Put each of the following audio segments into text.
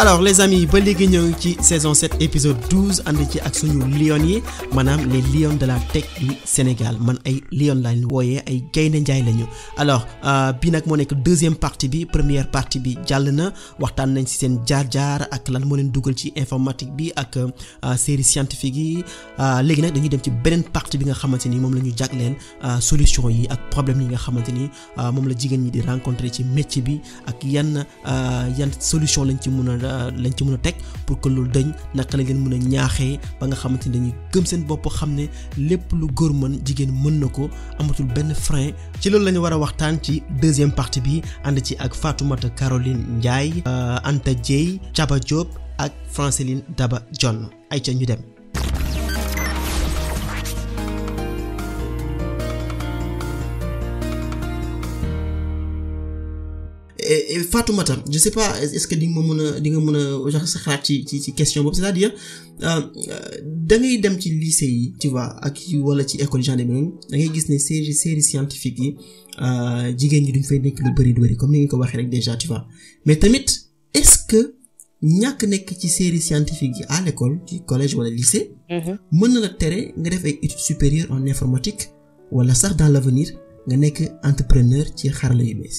alors les amis ba léegi ñoo ci saison 7 épisode 12 ànd ci ak suñu lion yi maanaam les lions de la tech du Sénégal man ay lion lañ wooyee ay gayna njaay lañu alors euh, bi nag moo nekk deuxième partie bi première partie bi jàll na waxtaan nañ ci seen jaar-jaar ak lan moo leen dugal ci informatique bi ak euh, série scientifique yi euh, léegi nag dañuy dem ci beneen partie bi nga xamante ni moom la ñu jagleen solution yi ak problème yi nga xamante ni moom la jigéen ñi di rencontrer ci métier bi ak yan yan solution lañ ci mën a lañ ci mën a teg pour que loolu dañ naka la ngeen mën a ñaaxee ba nga xamante ni dañuy gëm seen bopp xam ne lépp lu góor mën jigéen mën na ko amatul benn frein ci loolu la ñu war a waxtaan ci deuxième partie bi ànd ci ak Fatoumata Caroline Ndiaye euh, Anta Dieye Thiaba Diop ak Franceline Daba jonn ay ca ñu dem et Fatoumata je ne sais pas est-ce que di nga mën di nga joxe question c'est-à-dire euh, euh, da ngay dem ci lycée tu vois ak wala ci école gendarmerie da ngay gis ne série série scientifique yi euh, jigéen ñi duñ fay nekk lu bëri du comme nous, nga ko waxee déjà tu vois mais tamit est-ce que ñàkk a ci série scientifique yi à l'école ci collège ou au lycée. Mhm. mën na la tere nga def ay études supérieures en informatique wala sax dans l'avenir nga nekk entrepreneur ci xarala de bees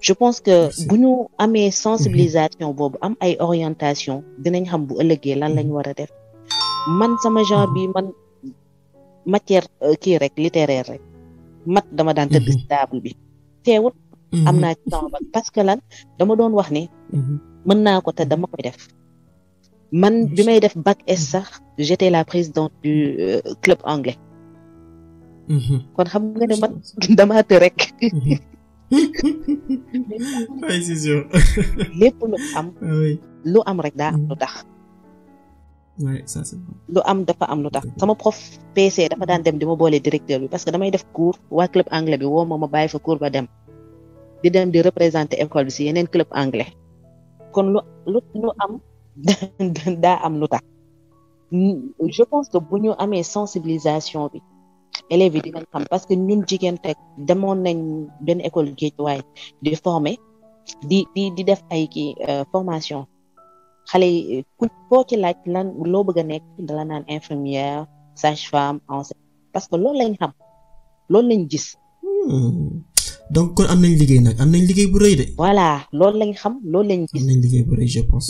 je pense que bu ñu amee sensibilisation mhm. boobu am ay orientation dinañ xam bu ëllëgee lan lañ mhm. war a def man sama genre mhm. bi man matière euh, kii rek littéraire rek mat dama daan tëdd stable. bi teewut am naa ci sama bac parce que lan dama doon wax ni mën naa ko te dama koy def man bi may def bac S sax j'étais la présidente du euh, club anglais kon xam nga ne man damaa të rek oui c'est sûr. lépp lu am. Ah oui lu am rek da am lu tax. Mm. oui ça c'est bon. lu am dafa am lu tax sama prof PC dafa daan dem di ma boole directeur bi parce que damay def cours wa club anglais bi wo ma ma fa cours ba dem. di dem di représenter école bi ci yenen club anglais. kon lo lo am da am lu tax. Mm, je pense que bu ñu amee sensibilisation bi. élèves yi dinañ xam parce que ñun jigéen teg demoon nañ benn école géej waaye di former di di di def ay kii euh, formation xale yi euh, ku ci laaj lan loo bëgg a nekk dala naan infirmière sage-femme enseignante parce que loolu lañ xam loolu lañ gis. Hmm. donc kon am nañ liggéey nag am nañ liggéey bu rëy de. voilà loolu lañ xam loolu lañ gis. am nañ liggéey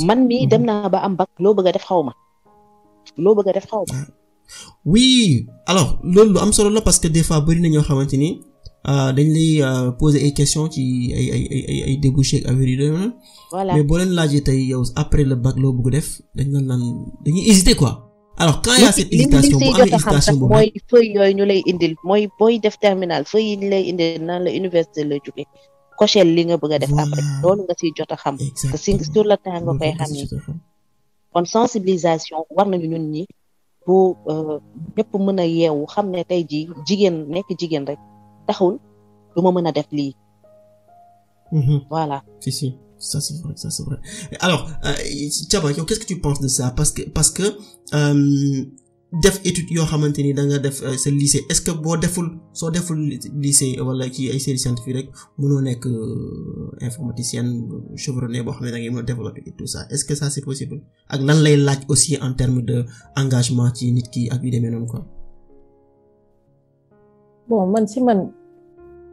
man mii hmm. dem naa ba am bac loo bëgg a def xaw ma loo bëgg a def xaw ma. Ah. oui alors loolu am solo la parce que des fois bëri na ñoo xamante ni euh, dañ lay euh, poser ay questions ci ay ay ay ay débouché ak affaire doy voilà mais boo leen laajee tey yow après le bac loo bëgg def dañ la naan dañuy hésiter quoi. alors quand y a cette hésitation bu amee hésitation boobu mooy feuille yooyu ñu lay indil mooy booy def terminal feuille yi ñu lay indil naan la université la jógee. coché li nga bëgg a def après loolu nga siy jot a xam. parce que sur le temps nga koy xam ni kon sensibilisation war nañu ñun ñi voilà. si si ça c'est vrai ça vrai alors euh, qu'est-ce que tu penses de ça parce que parce que. Euh, def étude yoo xamante ni da nga def euh, sa lycée est-ce que boo deful soo deful lycée wala ci ay série scientifique rek mënoo nekk euh, informaticienne chevronné boo xam ne da ngay mën a développer et tout ça est-ce que ça c'est possible ak lan lay laaj aussi en termes de engagement ci nit ki ak yu demee noonu quoi. bon man si man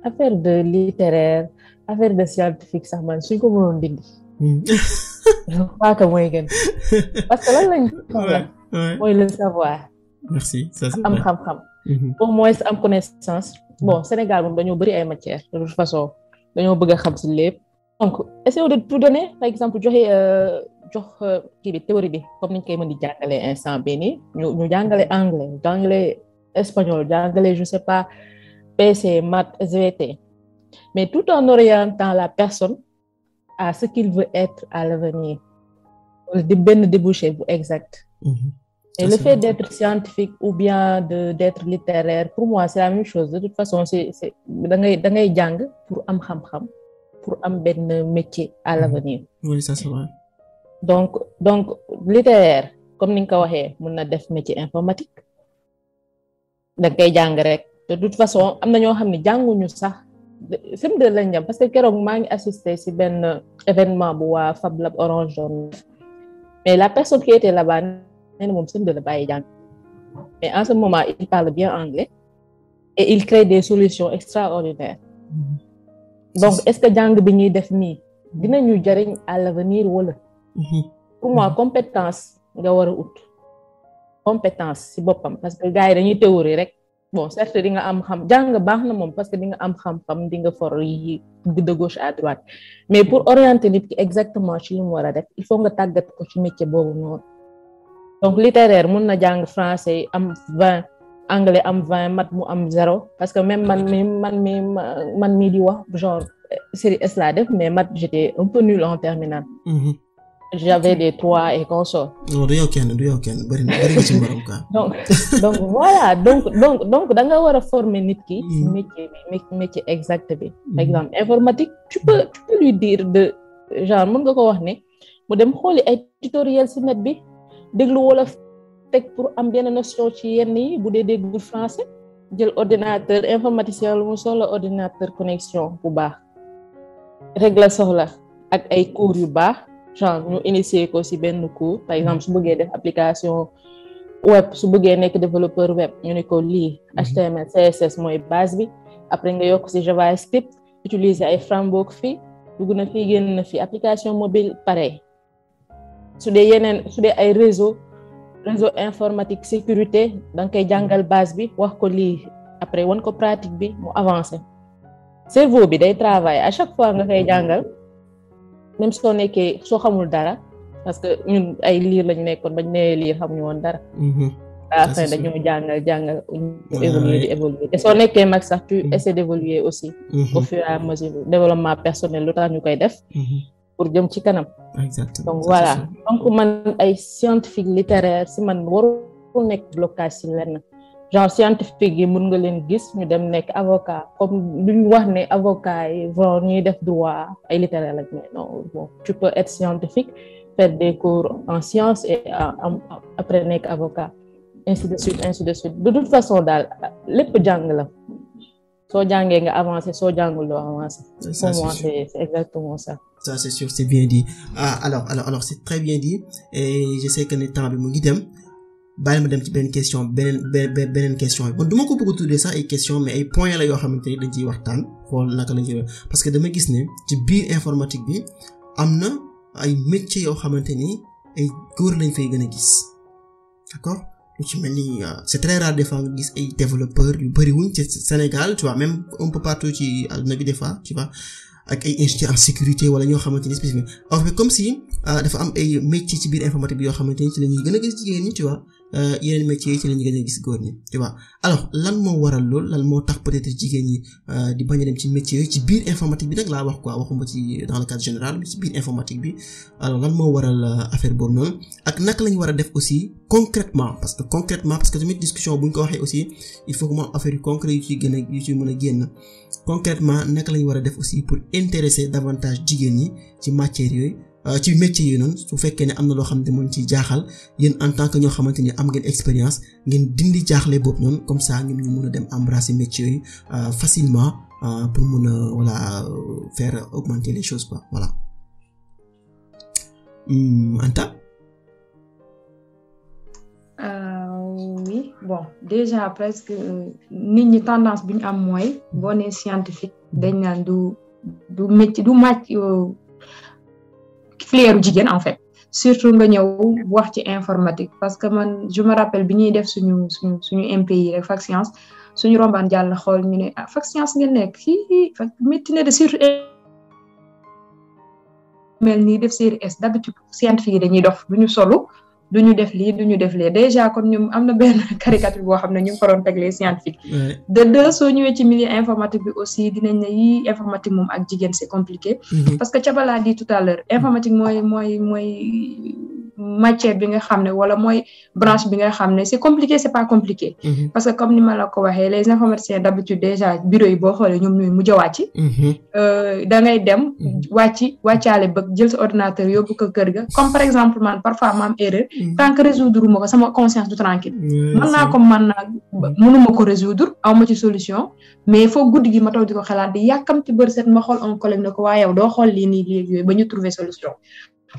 affaire de littéraire affaire de scientifique sax man suñ ko mënoon dindi. Hmm. je crois que mooy gën parce que lan lañ. Oui, le savoir. merci ça c'est am Pour pour mhm. au moins connaissance. bon Sénégal on a beaucoup de matières de toute façon on a xam si lépp. donc essayons de tout donner par exemple on a euh, euh, kii bi théorie comme niñ dit, on di un sang béni. On ñu ñu anglais jàngale espagnol jàngale je sais pas PC maths SVT mais tout en orientant la personne à ce qu'il veut être à l'avenir de bien débouché vous, exact Mhm. Et le fait d'être scientifique ou bien d'être littéraire, pour moi, c'est la même chose. De toute façon, c'est pour am ham pour am ben métier à mhm. l'avenir. Oui, ça c'est vrai. Donc, donc littéraire, comme nous l'avons dit, on a des métiers informatiques. de toute façon, am na ñoo xam ne jànguñu sax sim de parce que quand maa assisté à un événement à Fab Lab Orange Jaune mais la personne qui était là-bas nee na moom sëm de la bàyyi jàng mais en ce moment il parle bien anglais et il crée des solutions extraordinaires mm-hmm. donc est-ce que jàng bi ñuy def nii dinañu jariñ à l'avenir wala mm-hmm. pour moi mm-hmm. compétence nga war a ut compétence si boppam parce que gars yi dañuy théorie rek bon certes di nga am xam jàng baax na moom parce que di nga am xam-xam di nga for yi de gauche à droite mais pour orienter nit ki exactement ci li mu war a def il faut nga tàggat ko ci métier boobu noonu donc littéraire mun na jàng français am 20 anglais am 20 mat mu am 0 parce que même man mi man mi man mi di wax genre euh, série S laa def mais mat j'étais un peu nul en terminale mm-hmm. j'avais des trois et consorts non du yow kenn du yow kenn bëri na bëri na ci mbaram quoi donc donc voilà donc donc donc da nga war a former nit ki mm-hmm. métier bi métier exact bi par mm-hmm. exemple informatique tu peux tu peux lui dire de genre mën nga ko wax ne mu dem xooli ay tutoriels si net bi déglu wolof teg pour am benn notion ci yenn yi bu dee déggul français jël ordinateur informaticien lu mu soxla ordinateur connexion bu baax rek la soxla ak ay cours yu baax genre ñu initier ko si benn cours par exemple su bëggee def application web su buggee nekk développeur web ñu ne ko lii HTML mhm. CSS mooy base bi après nga yokk ci JavaScript utiliser ay framework fi dugg na fii génn na fi application mobile pareil su dee yeneen su dee ay réseau réseau informatique sécurité da nga koy jàngal base bi wax ko lii après wan ko pratique bi mu avancé cerveau bi day travail à chaque fois nga koy jàngal même soo nekkee soo xamul dara parce que ñun ay liir lañu nekkoon bañ nee liir xamuñu woon dara mm-hmm. à fin dañoo jàngal jàngal évoluer di évoluer te soo nekkee mag sax tu mm-hmm. essaies d'évoluer aussi mm-hmm. au à mesure développement personnel lu tax ñu koy def pour jëm ci kanam. exactement donc voilà donc man ay scientifique littéraire si man warul nek blocage si lenn genre scientifique yi mën nga leen gis ñu dem nekk avocat comme lu ñu wax ne avocat yi genre ñuy def droit ay littéraire lañ mais non bon tu peux être scientifique faire des cours en sciences et après nekk avocat ainsi de suite ainsi de suite de toute façon daal lépp jàng la so jàngee nga avancer soo jàngul doo avancé. pour moi c'est exactement ça. ça c'est sûr c'est bien dit ah alors alors alors c'est très bien dit et je sais que ne temps bi mu ngi dem bàyyi ma dem ci benen question benen benen question bon du ko bëgg a tuddee sax ay question mais ay points la yoo xamante ni dañ ciy waxtaan xool naka lañ ciy parce que dama gis ne ci biir informatique bi am na ay métiers yoo xamante ni ay góor lañ fay gën a gis d'accord. lu ci mel ni euh, c'est très rare nga gis ay développeurs yu bëri wuñ ci Sénégal tu vois même un peu partout ci àdduna bi des fois tu vois ak ay ingénieurs en sécurité wala ñoo xamante ni spécifique or bi comme si euh, dafa am ay métier ci biir informatique bi yoo xamante ni ci la ñuy gën a gis jigéen ñi tu vois. Euh, yeneen métiers yi ci lañu gën a gis góor ñi tu vois alors lan moo waral loolu lan moo tax peut-être jigéen ñi euh, di bañ a ci métiers yi ci biir informatique bi nag laa wax quoi waxuma ci dans le cadre général informatique bi alors lan moo waral euh, affaire boobu noonu ak naka lañu war a def aussi concrètement parce que concrètement parce que tamit discussion bu ñu ko waxee aussi il faut que mu am yu concret yu ciy gën a yu ciy mën a génn concrètement naka lañu war a def aussi pour intéresser davantage jigéen ñi ci matières yooyu Euh, ci métier yi noonu su fekkee ne am na loo xam ne mën ci jaaxal yéen en tant que ñoo xamante ni am ngeen expérience ngeen dindi jaaxle boobu noonu comme ça ñoom ñu mën a dem embrasser métier yooyu euh, facilement euh, pour mën a voilà faire augmenter les choses quoi voilà. Hmm, Anta. oui bon déjà presque nit ñi tendance bi ñu am mooy boo nee scientifique dañ naan du du métier du màcc. filière jigéen en fait surtout nga ñëw wax ci informatique parce que man je me rappelle bi ñuy def suñu suñu suñu MPI rek fac science suñu rombaan jàll xool ñu ne ah fac science ngeen nekk fii métti na de surtout mel nii def série S d'habitude scientifique yi dañuy dox duñu solo du ñu def lii du ñu def lee déjà kon ñoom am na benn caricature boo xam ne ñu ngi ko doon de deux soo ñëwee ci informatique aussi dinañ ne yii informatique moom ak jigéen c'est compliqué. Mm-hmm. parce que Thiaba l'a tout à l'heure informatique mooy mooy mooy. matière bi nga xam wala moy branche bi nga xam c'est compliqué c'est pas compliqué. Mm-hmm. parce que comme ni ma la ko waxee les informaticiens d'habitude déjà bureau yi bo xolé ñom ñuy mujj a mm-hmm. euh da ngay dem mm-hmm. wàcci wàccaale bëgg jël sa ordinateur yóbbu ko kër ga comme par exemple man parfois ma am erreur. tant que résoudre ma sama conscience du tranquille man naa ko mën naa mënuma ko résoudre awma ci solution mais faut guddi gi ma toog di ko xalaat di yàkkamti bërset ma xol un collègue nako ko waa yow doo xool li nii lii ba ñu trouver solution.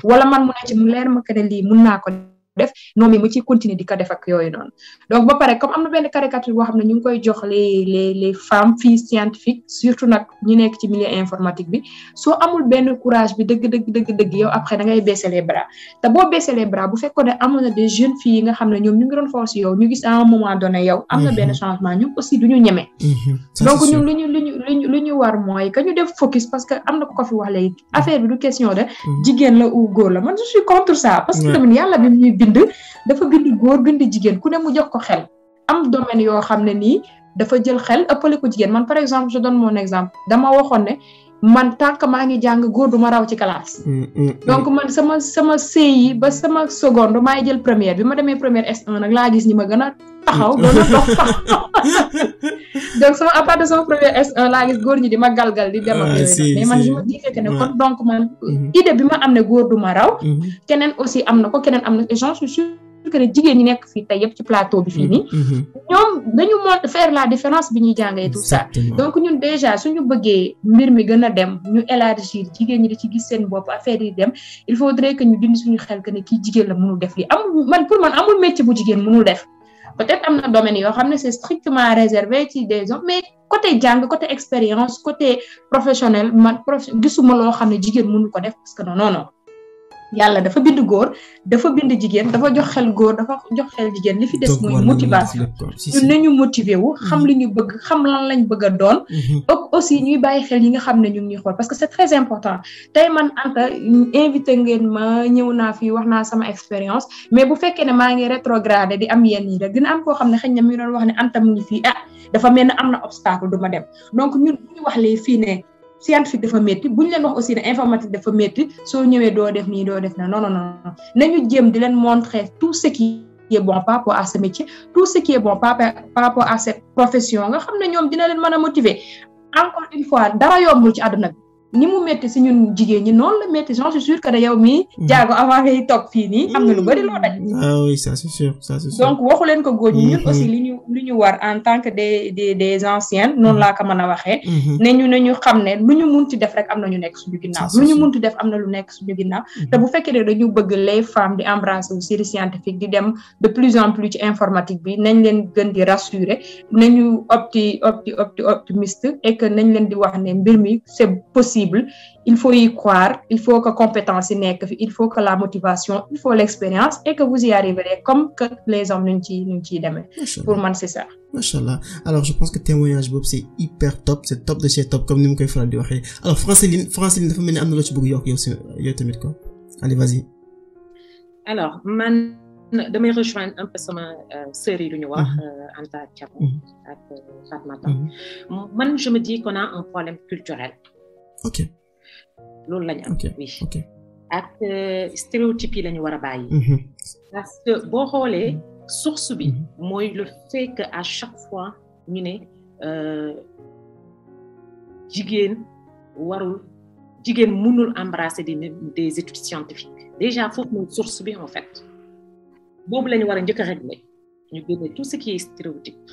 wala man mu ne ci mu leer ma que lii mun naa ko def non mais mu ci continuer di ko def ak yooyu noonu donc ba pare comme am na benn caricature boo xam ne ñu ngi koy jox les les les femmes filles scientifiques surtout nag ñu nekk ci milieu informatique bi soo amul benn courage bi dëgg dëgg dëgg dëgg yow après da ngay baisser les bras te boo baisser les bras bu fekkoon ne amoon na des jeunes filles yi nga xam ne ñoom ñu ngi doon force yow ñu gis à un moment donné yow am na benn mhm. changement ñoom aussi du ñu ñeme mhm. donc ñun lu ñu lu ñu lu ñu war mooy que ñu def focus parce que am na ko ko fi wax léegi affaire bi du question de mhm. jigéen la ou góor la man je suis contre ça parce que tamit yàlla bi bind bind dafa bind góor bind jigéen ku ne mu jox ko xel am domaine yoo xam ne nii dafa jël xel ëppale ko jigéen man par exemple je donne mon exemple dama waxoon ne man tànk maa ngi jàng góor du ma raw ci classe. mm, mm, donc mm. man sama sama CI ba sama seconde maay jël première bi ma demee première S1 eh, nag laa gis ñi ma gën a taxaw mm. gën a dox donc sama à part de sama première S1 eh, laa gis góor ñi di ma galgal di dem ak yooyu mais man ñu me disais que ne kon donc man mm-hmm. idée bi ma am ne góor du ma raw. Mm-hmm. keneen aussi am na ko keneen am na et eh, j'en suis sûr que ne jigéen ñi nekk fii tey yëpp ci plateau bi fii nii. Mm-hmm. ñoom dañu mën faire la différence bi ñuy jàngee tout ça. donc ñun déjà suñu bëggee mbir mi gën a dem ñu élargir jigéen ñi di ci gis seen bopp affaire yi dem il faudrait que ñu dindi suñu xel que ne kii jigéen la mënul def lii amul man pour man amul métier bu jigéen mënul def. peut-être am na domaine yoo xam ne c'est strictement réservé ci des hommes mais côté jàng côté expérience côté professionnel man prof gisuma loo xam ne jigéen mënu ko def parce que non non non yàlla dafa bind góor dafa bind jigéen dafa jox xel góor dafa jox xel jigéen li fi des mooy motivation ñun nañu motiver wu xam mhm. li ñu bëgg xam lan lañ bëgg a doon mhm. aussi ñuy bàyyi xel yi nga xam ne ñu ngi ñuy xool parce que c'est très important tey man Anta invité ngeen ma ñëw naa fi wax naa sama expérience mais bu fekkee ne maa ngi rétrogradé di am yenn yi rek dina am koo xam ne xëy na mi doon wax ne Anta mu ngi fii ah dafa mel ne am na obstacle du ma dem donc ñun bu ñu wax lee fii ne scientifique dafa métti aussi ne informatique dafa métti soo ñëwee doo def non non non Nous montrer tout ce qui est bon par rapport à ce métier tout ce qui est bon par rapport à cette profession nga encore une fois dara ci ni mu metti si ñun jigéen ñi noonu la metti j'en je jure que da yow mii. Mm. jaago avant ngay toog fii nii am na lu bari loo daj. Mm. ah oui ça c'est sûr ça c'est sûr. donc waxu leen ko góor ñi ñun mm-hmm. aussi li ñu li ñu war en tant que des des des anciens noonu mm-hmm. laa ko mën a waxee. Mm-hmm. ne ñu ne ñu xam ne lu ñu munti def rek am na ñu nekk suñu ginnaaw. lu ñu munti def am na lu nekk suñu ginnaaw. te bu fekkee ne dañu bëgg les femmes di embrasser aussi les scientifiques di dem de plus en plus ci informatique bi nañ leen gën di rassurer nañu opti opti opti optimiste et que nañ leen di wax ne mbir mi c'est possible il faut y croire il faut que compétence il faut que la motivation il faut l'expérience et que vous y arriverez comme que les hommes nuñ ci pour moi c'est ça machallah alors je pense que témoignage Bob, c'est hyper top c'est top de chez top comme ni il faut le di alors Franceline Franceline dafa mel ni am na loo ci bëgg allez vas-y alors man me rejoindre un peu sur euh, sœur yi lu ñu mhm. euh, Anta mhm. euh, Fatmata Moi mhm. je me dis qu'on a un problème culturel ok loolu lañu am oui ak euh, stéréotype yi la ñu war a bàyyi mhm. parce que boo xoolee source bi mhm. mooy le fait que à chaque fois ñu ne euh, jigéen warul jigéen mënul embrasser des des études scientifiques déjà foofu mooy source bi en fait boobu la ñu war a njëkk a régler ñu génne tout ce qui est stéréotype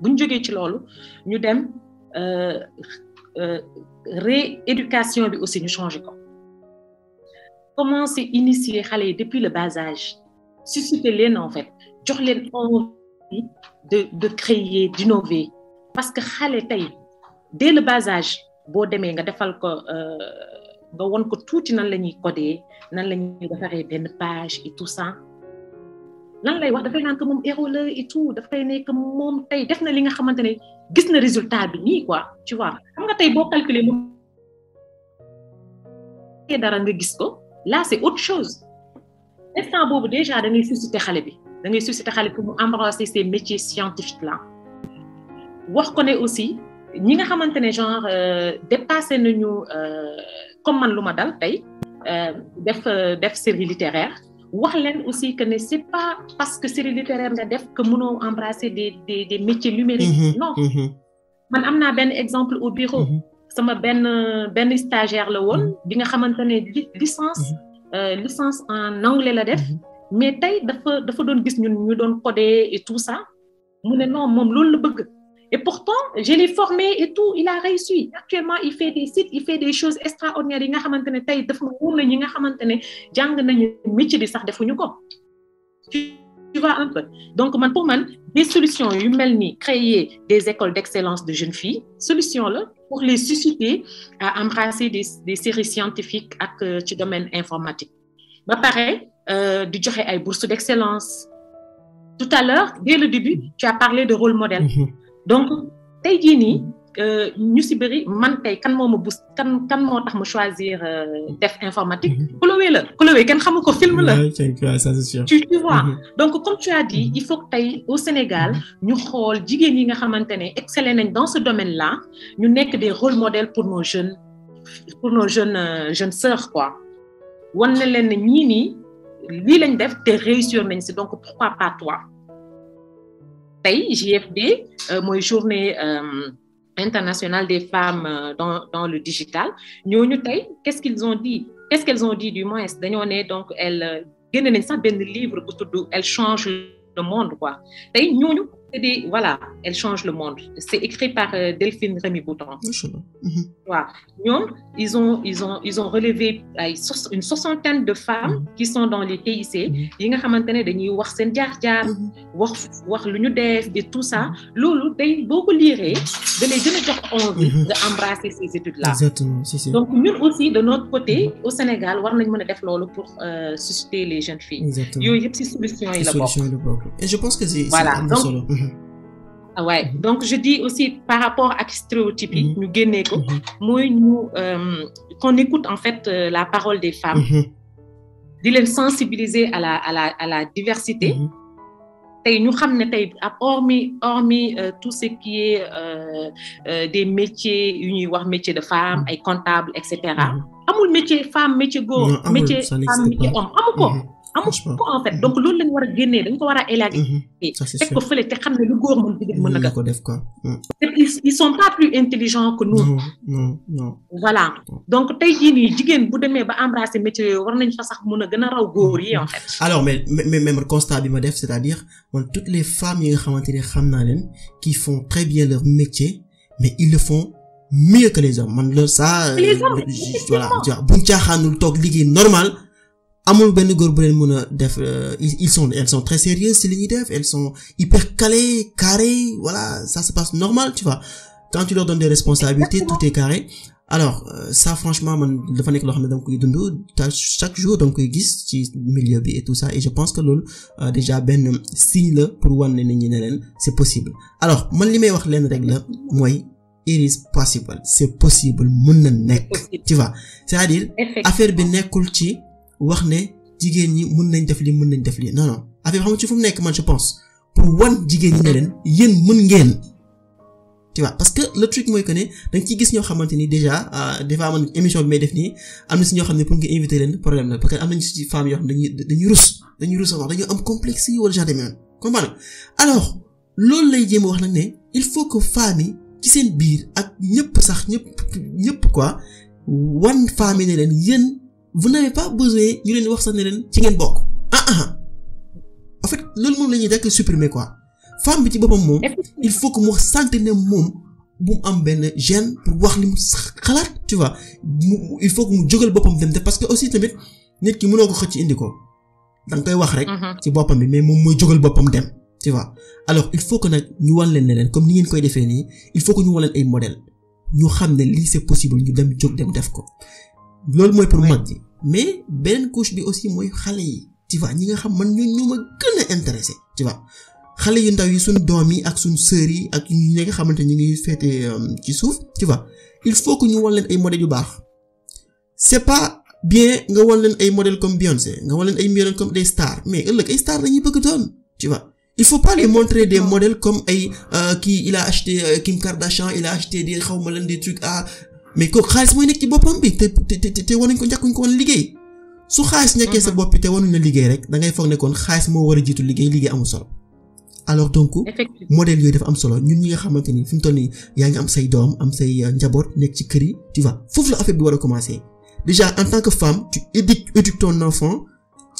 bu ñu jógee ci loolu ñu dem euh, euh, rééducation bi aussi ñu changer ko commencer initier xale yi depuis le bas âge susciter leen en fait jox leen envie de de créer d'innover parce que xale tay dès le bas âge boo demee nga defal ko euh, nga won ko tuuti nan la ñuy nan la ñuy defaree benn page et tout ça lan lay wax dafay naan que moom héros la et tout dafay nekk moom tey def na li nga xamante ne gis na résultat bi nii quoi tu vois xam nga tey boo calculer moom dara nga gis ko là c'est autre chose instant boobu déjà da ngay susciter xale bi da ngay susciter xale pour mu embrasser ces métiers scientifiques là wax ko ne aussi ñi nga xamante ne genre euh, dépassé nañu euh, comme man lu ma dal tey euh, def def série littéraire wax leen aussi que ne c'est pas parce que série littéraire nga def que mënoo embrasser des des des métiers numériques. Mhm, non mhm. man am naa benn exemple au bureau. Mhm. sama benn benn stagiaire la woon bi nga xamante ne licence euh, licence en anglais la def mais tey dafa dafa doon gis ñun ñu doon codé et tout ça mu ne non moom loolu la bëgg. Et pourtant, je l'ai formé et tout, il a réussi. Actuellement, il fait des sites, il fait des choses extraordinaires. Il tu vois un peu. Donc, pour man, des solutions humaines, créer des écoles d'excellence de jeunes filles, solution-là, pour les susciter à embrasser des, séries scientifiques dans le euh, domaine informatique. Bah, pareil, euh, du bourse d'excellence. Tout à l'heure, dès le début, tu as parlé de rôle modèle. Mm-hmm donc tey jii nii euh, ñu si bëri man tey kan moo ma boost kan kan moo tax ma choisir euh, def informatique. Mm-hmm. Chloé la Chloé kenn xamu ko film la. tu tu vois mm-hmm. donc comme tu as dit mm-hmm. il faut que tey au Sénégal ñu xool jigéen yi nga xamante ne excellé nañ dans ce domaine là ñu nekk des rôles modèles pour nos jeunes pour nos jeunes euh, jeunes sœurs quoi wan na leen ne ñii nii lii lañ def te réussir nañ si donc pourquoi pas toi. tey euh, bi mooy journée euh, internationale des femmes euh, dans dans le digital ñooñu tey qu'est-ce qu'ils ont ce qu'elles ont dit du moins dañoo ne donc elles génne nañ sax benn livre bu tudd elles changent le monde quoi tey ñooñu voilà, elle change le monde. C'est écrit par euh, Delphine Rémy Bouton. Mhm. Ils, ont, ils, ont, ils ont relevé une soixantaine de femmes mhm. qui sont dans les TIC. Ils ont maintenu des voir et tout ça. ils beaucoup lire, de les jeunes qui ont envie ces études-là. Donc nous aussi de notre côté au Sénégal, pour euh, susciter les jeunes filles. Il y a et je pense que c'est voilà. Ah ouais mhm. donc je dis aussi par rapport à ce stéréotypique, nous mhm. génnee ko mhm. euh, qu'on écoute en fait euh, la parole des femmes de les sensibiliser à la à la à la diversité tey ñu xam ne tey hormis hormis euh, tout ce qui est des métiers yu ñuy wax métier de femmes, ay comptable etc. cetera amul métier femme métier góor métier femme métier homme ko en fait mm-hmm. donc loolu lañu war a génnee dañ ko war a élaguer mm-hmm. teg ko fële te xam ne lu góor mën jigéen mën na ko def quoi mm. ils sont pas plus intelligents que nous non non voilà donc tey jii nii jigéen bu demee ba embrasser métier yooyu war nañ fa sax mën a gën a raw góor yi en mm-hmm. fait alors mais mais même constat bi ma def c'est-à-dire man toutes les femmes yi nga xamante ne xam naa leen qui font très bien leur métier mais ils le font mieux que les hommes man le ça euh, voilà buñ caaxaanul toog liggéey normal amul ben góor bu len meuna def euh, ils sont elles sont très sérieuses c'est li ñuy elles sont hyper calées carrées voilà ça se passe normal tu vois quand tu leur donnes des responsabilités tout est carré alors euh, ça franchement man dafa nek lo xam ne koy dund chaque jour donc koy gis ci milieu bi et tout ça et je pense que loolu euh, déjà ben signe la pour wan ni ñi c'est possible alors man limay wax len rek la moy it is possible c'est possible mën na tu vois c'est-à-dire affaire bi nekul ci wax ne jigéen ñi mën nañ def li mën nañ def li non non affaire xam nga ci fu mu nekk man je pense pour wan jigéen ñi ne leen yéen mën ngeen. tu vois parce que le truc mooy que ne da ci gis ñoo xamante ni déjà euh, des fois man émission bi may def nii am na si ñoo xam ne pour nga invité leen problème la parce que am nañu si femme yoo xam dañuy dañuy rus dañuy rus a wax am complexe yi wala genre demee noonu comprendre alors loolu lay jéem wax nag ne il faut que femme yi ci seen biir ak ñëpp sax ñëpp ñëpp quoi wan femme yi ne leen yéen vous n'avez pas besoin ñu leen wax sax ne leen ci ngeen bokk ah ah, ah. en fait loolu moom la ñuy dakk supprimer quoi femme bi ci boppam moom il faut que mu sentir ne moom bu mu am benn gêne pour wax li mu xalaat tu vois mu il faut que mu jógal boppam dem te parce que aussi tamit nit ki mënoo ko xëcc indi ko danga koy wax rek mhm. ci boppam bi mais moom mooy jógal boppam dem tu vois alors il faut que nag ñu wan leen ne leen comme ni ngeen koy defee nii il faut que ñu wan leen ay modèle ñu xam ne lii c'est possible ñu dem jóg dem def ko loolu mooy pour mag ji mais beneen couche bi aussi mooy xale yi tu vois ñi nga xam man ñu ñu intéressé tu vois xale yu ndaw yi suñ doom yi ak suñ sœur yi ak ñi nga xamante ñu ngi féete euh, ci suuf tu vois il faut que ñu wan leen ay modèles yu baax c'est pas bien nga wan leen ay modèles comme Beyoncé nga wan leen ay modèles comme des stars mais ëllëg ay stars dañuy bëgg doon tu vois il faut pas les montrer des modèles comme ay euh, kii il a acheté euh, Kim Kardashian il a acheté des xaw ma des trucs à mais kooku xaalis mooy nekk ci boppam bi te te te wanuñ ko njëkkuñ ko woon liggéey su xaalis nekkee sa mhm. bopp bi te wanuñ la liggéey rek dangay ngay foog ne xaalis moo war a jiitu liggéey liggéey amul solo. alors donc modèle yooyu dafa am solo ñun ñi nga xamante ni fi mu toll nii yaa ngi am say doom am say euh, njaboot nekk ci kër yi tu vois foofu la affaire bi war a commencer déjà en tant que femme tu éduques éduques ton enfant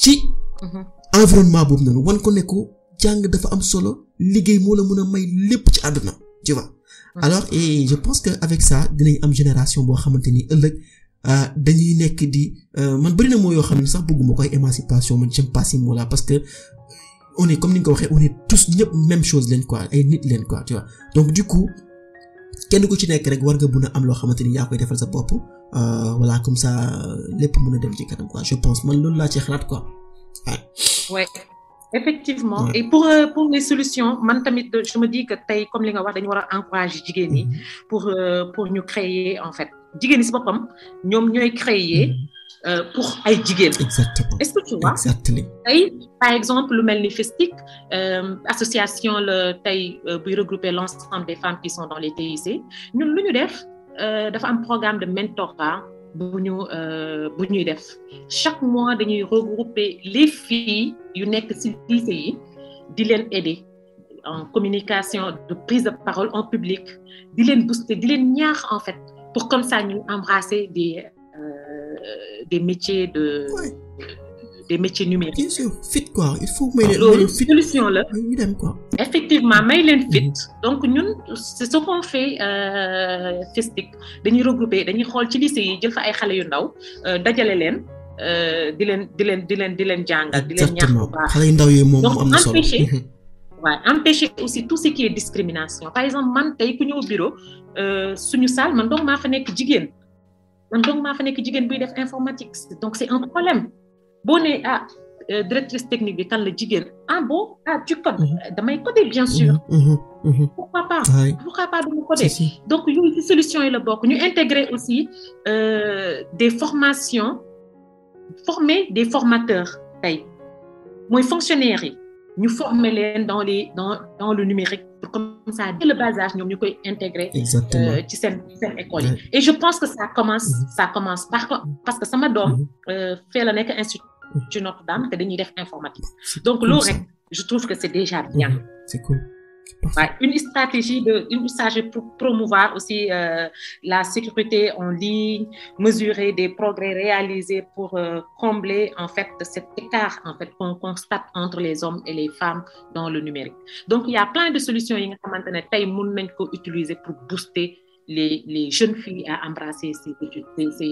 ci. Mhm. environnement boobu noonu wan ko ne ko jàng dafa am solo liggéey moo la mën a may lépp ci àdduna tu alors et je pense que avec ça dinañ am génération boo xamante ni ëllëg euh, dañuy nekk di euh, man bëri na moo yoo xam ne sax bëgguma koy émancipation man j'aime pas ces mots là parce que on est comme ni nga ko waxee on est tous ñëpp même chose lañ quoi ay nit lañ quoi tu vois donc du coup kenn ku ci nekk rek war nga mun a am loo xamante ni yaa koy defal sa bopp euh, voilà comme ça lépp mun a dem ci kanam quoi je pense man loolu laa ci xalaat quoi ouais effectivement et pour euh, pour les solutions man je me dis que tay comme li nga wax dañu wara encourager mm-hmm. pour euh, pour créer en fait c'est pas comme nous, nous ñooy créer mm-hmm. euh, pour ay jigen exactement est-ce que tu vois. exactement par exemple le mel l'association association le regrouper l'ensemble des femmes qui sont dans les TIC nous lu ñu def dafa programme de mentorat buñu euh, chaque mois dañuy regrouper les filles yu nekk lycée yi di aider en communication de prise de parole en public di leen booster di en fait pour comme ça nous embrasser des euh, des métiers de des métiers numériques. bien sûr fit quoi il faut may le loolu solution la ñu dem quoi. effectivement may fit. Mhm. donc ñun c'est ce qu'on fait euh, FESTIC dañuy regrouper dañuy nous ci lycée yi jël fa ay xale yu ndaw euh, dajale leen. Euh, di leen di leen di leen di leen jàngal. di leen ñaax baax xale yu ndaw yooyu moom am na solo mhm. empêcher aussi tout ce qui est discrimination par exemple man tey ku ñëw bureau suñu salle man donc maa fa nekk jigéen man donc maa fa nekk jigéen buy def informatique donc c'est un problème bonne à ah, euh, directrice technique quand kan le jigéen ah bon ah tu code mhm. euh, damay connais bien mhm, sûr. Mhm, pourquoi pas pourquoi pas de ma donc une solution est le bokk nous intégrer aussi euh, des formations former des formateurs tey fonctionnaires nous ñu former dans les dans dans le numérique comme ça dès le bas âge nous ñu intégrer. exactement ci école et je pense que ça commence ça commence parce que sama m'a donné la nekk institut ci Notre-Dame, te dañuy informatique donc loolu je trouve que c'est déjà mhm, bien c'est cool une stratégie de une pour promouvoir aussi euh, la sécurité en ligne, mesurer des progrès réalisés pour euh, combler en fait cet écart en fait qu'on constate entre les hommes et les femmes dans le numérique. Donc il y a plein de solutions qui sont utilisées pour booster les, les, jeunes filles à embrasser ces,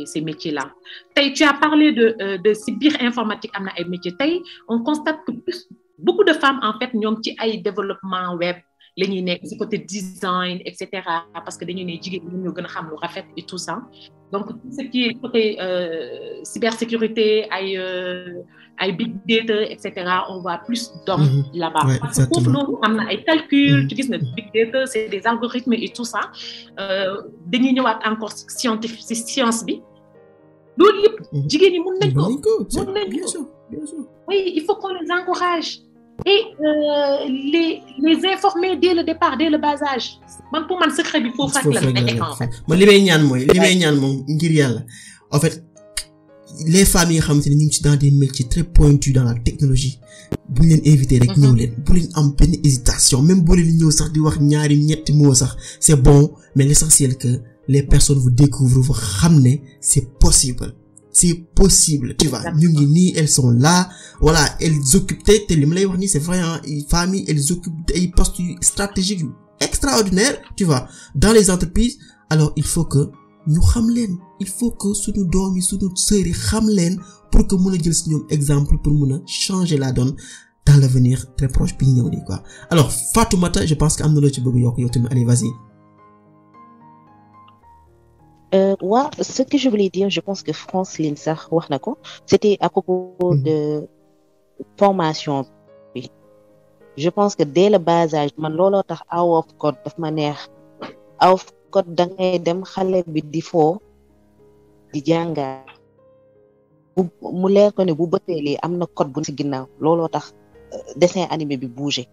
ces, métiers-là. Tu as parlé de, euh, de cyber informatique Amna ay métiers on constate que plus, beaucoup de femmes en fait ont ci ay développement web les ñuy nekk côté design etc. parce que dañu ne jigéen ñi ñoo gën a xam et tout ça donc ce qui est côté euh, cybersécurité ay. Euh, ay big data et cetera on voit plus d'hommes là-bas ouais, parce que pour nous, on a des calculs, mm -hmm. tu dis notre big data c'est des algorithmes et tout ça euh, dañuy ñëwaat encore scientifique ci science bi loolu yëpp mhm. jigéen ñi mën nañ ko mën nañ ko oui il faut qu'on les encourage et euh, les les informer dès le départ dès le bas âge man pour man secret bi faut rek la nekk en man li may ñaan moy li ñaan moom ngir yàlla en fait les familles yi nga ci dans des métiers très pointus dans la technologie Vous ñu éviter invité rek ñëw mhm. leen bu leen am hésitation même boo leen ñëw sax di wax ñaari ñetti sax c'est bon mais l'essentiel que les personnes vous découvrent vous ramenez, c'est possible c'est possible tu vois ñu elles sont là voilà elles occupent te li c'est vrai hein. Les familles elles occupent des postes stratégiques extraordinaires tu vois dans les entreprises alors il faut que nous xam leen il faut que suñu doom yi suñu yi xam pour que mun a jël si ñoom exemple pour mun changer la donne dans l'avenir très proche bi ñëw nii quoi alors Fatoumata je pense que am na loo ci bëgg yokk yow allez vas-y. Euh, ouais, ce que je voulais dire, je pense que France Linsar c'était à propos mm-hmm. de formation. Je pense que dès le bas âge, je lolo tax out of code daf ma neex of kon da ngay dem xale bi di foo di jàngaar mu leer ko ne bu bëtee lii am na code bu ci ginnaaw looloo tax euh, dessin animé bi bougé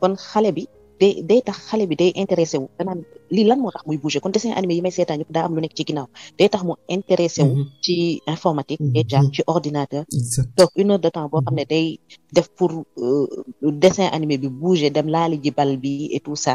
kon xale bi de day tax xale bi day intéressé wu danaan lii lan moo tax muy bougé kon dessin animé yi may seetaan yëpp daa am lu nekk ci ginnaaw day tax mu intéressé wu mm-hmm. ci informatique mm-hmm. déjà ci ordinateur donc une heure de temps boo xam ne mm-hmm. day def pour euh, dessin animé bi bougé dem laali ji bi et tout ça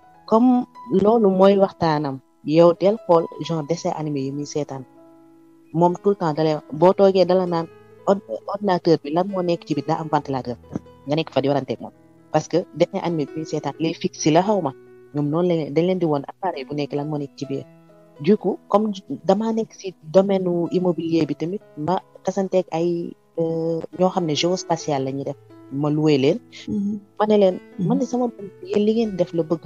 comme loolu mooy waxtaanam yow del xool genre dessin animé yi muy seetaan moom tout le temps dalay boo toogee dala naan ordinateur bi lan moo nekk ci biir daa am ventilateur nga nekk fa di warante moom parce que dessin animé bi muy seetaan les fixe la xaw ma ñoom noonu la dañ leen di woon appareil bu nekk lan moo nekk ci biir du coup comme damaa nekk si domaine immobilier bi tamit ma tasanteeg ay euh, ñoo xam ne géospatial la ñuy def ma loué leen mm-hmm. ma ne leen mm-hmm. man ne sama yéen li ngeen def la bëgg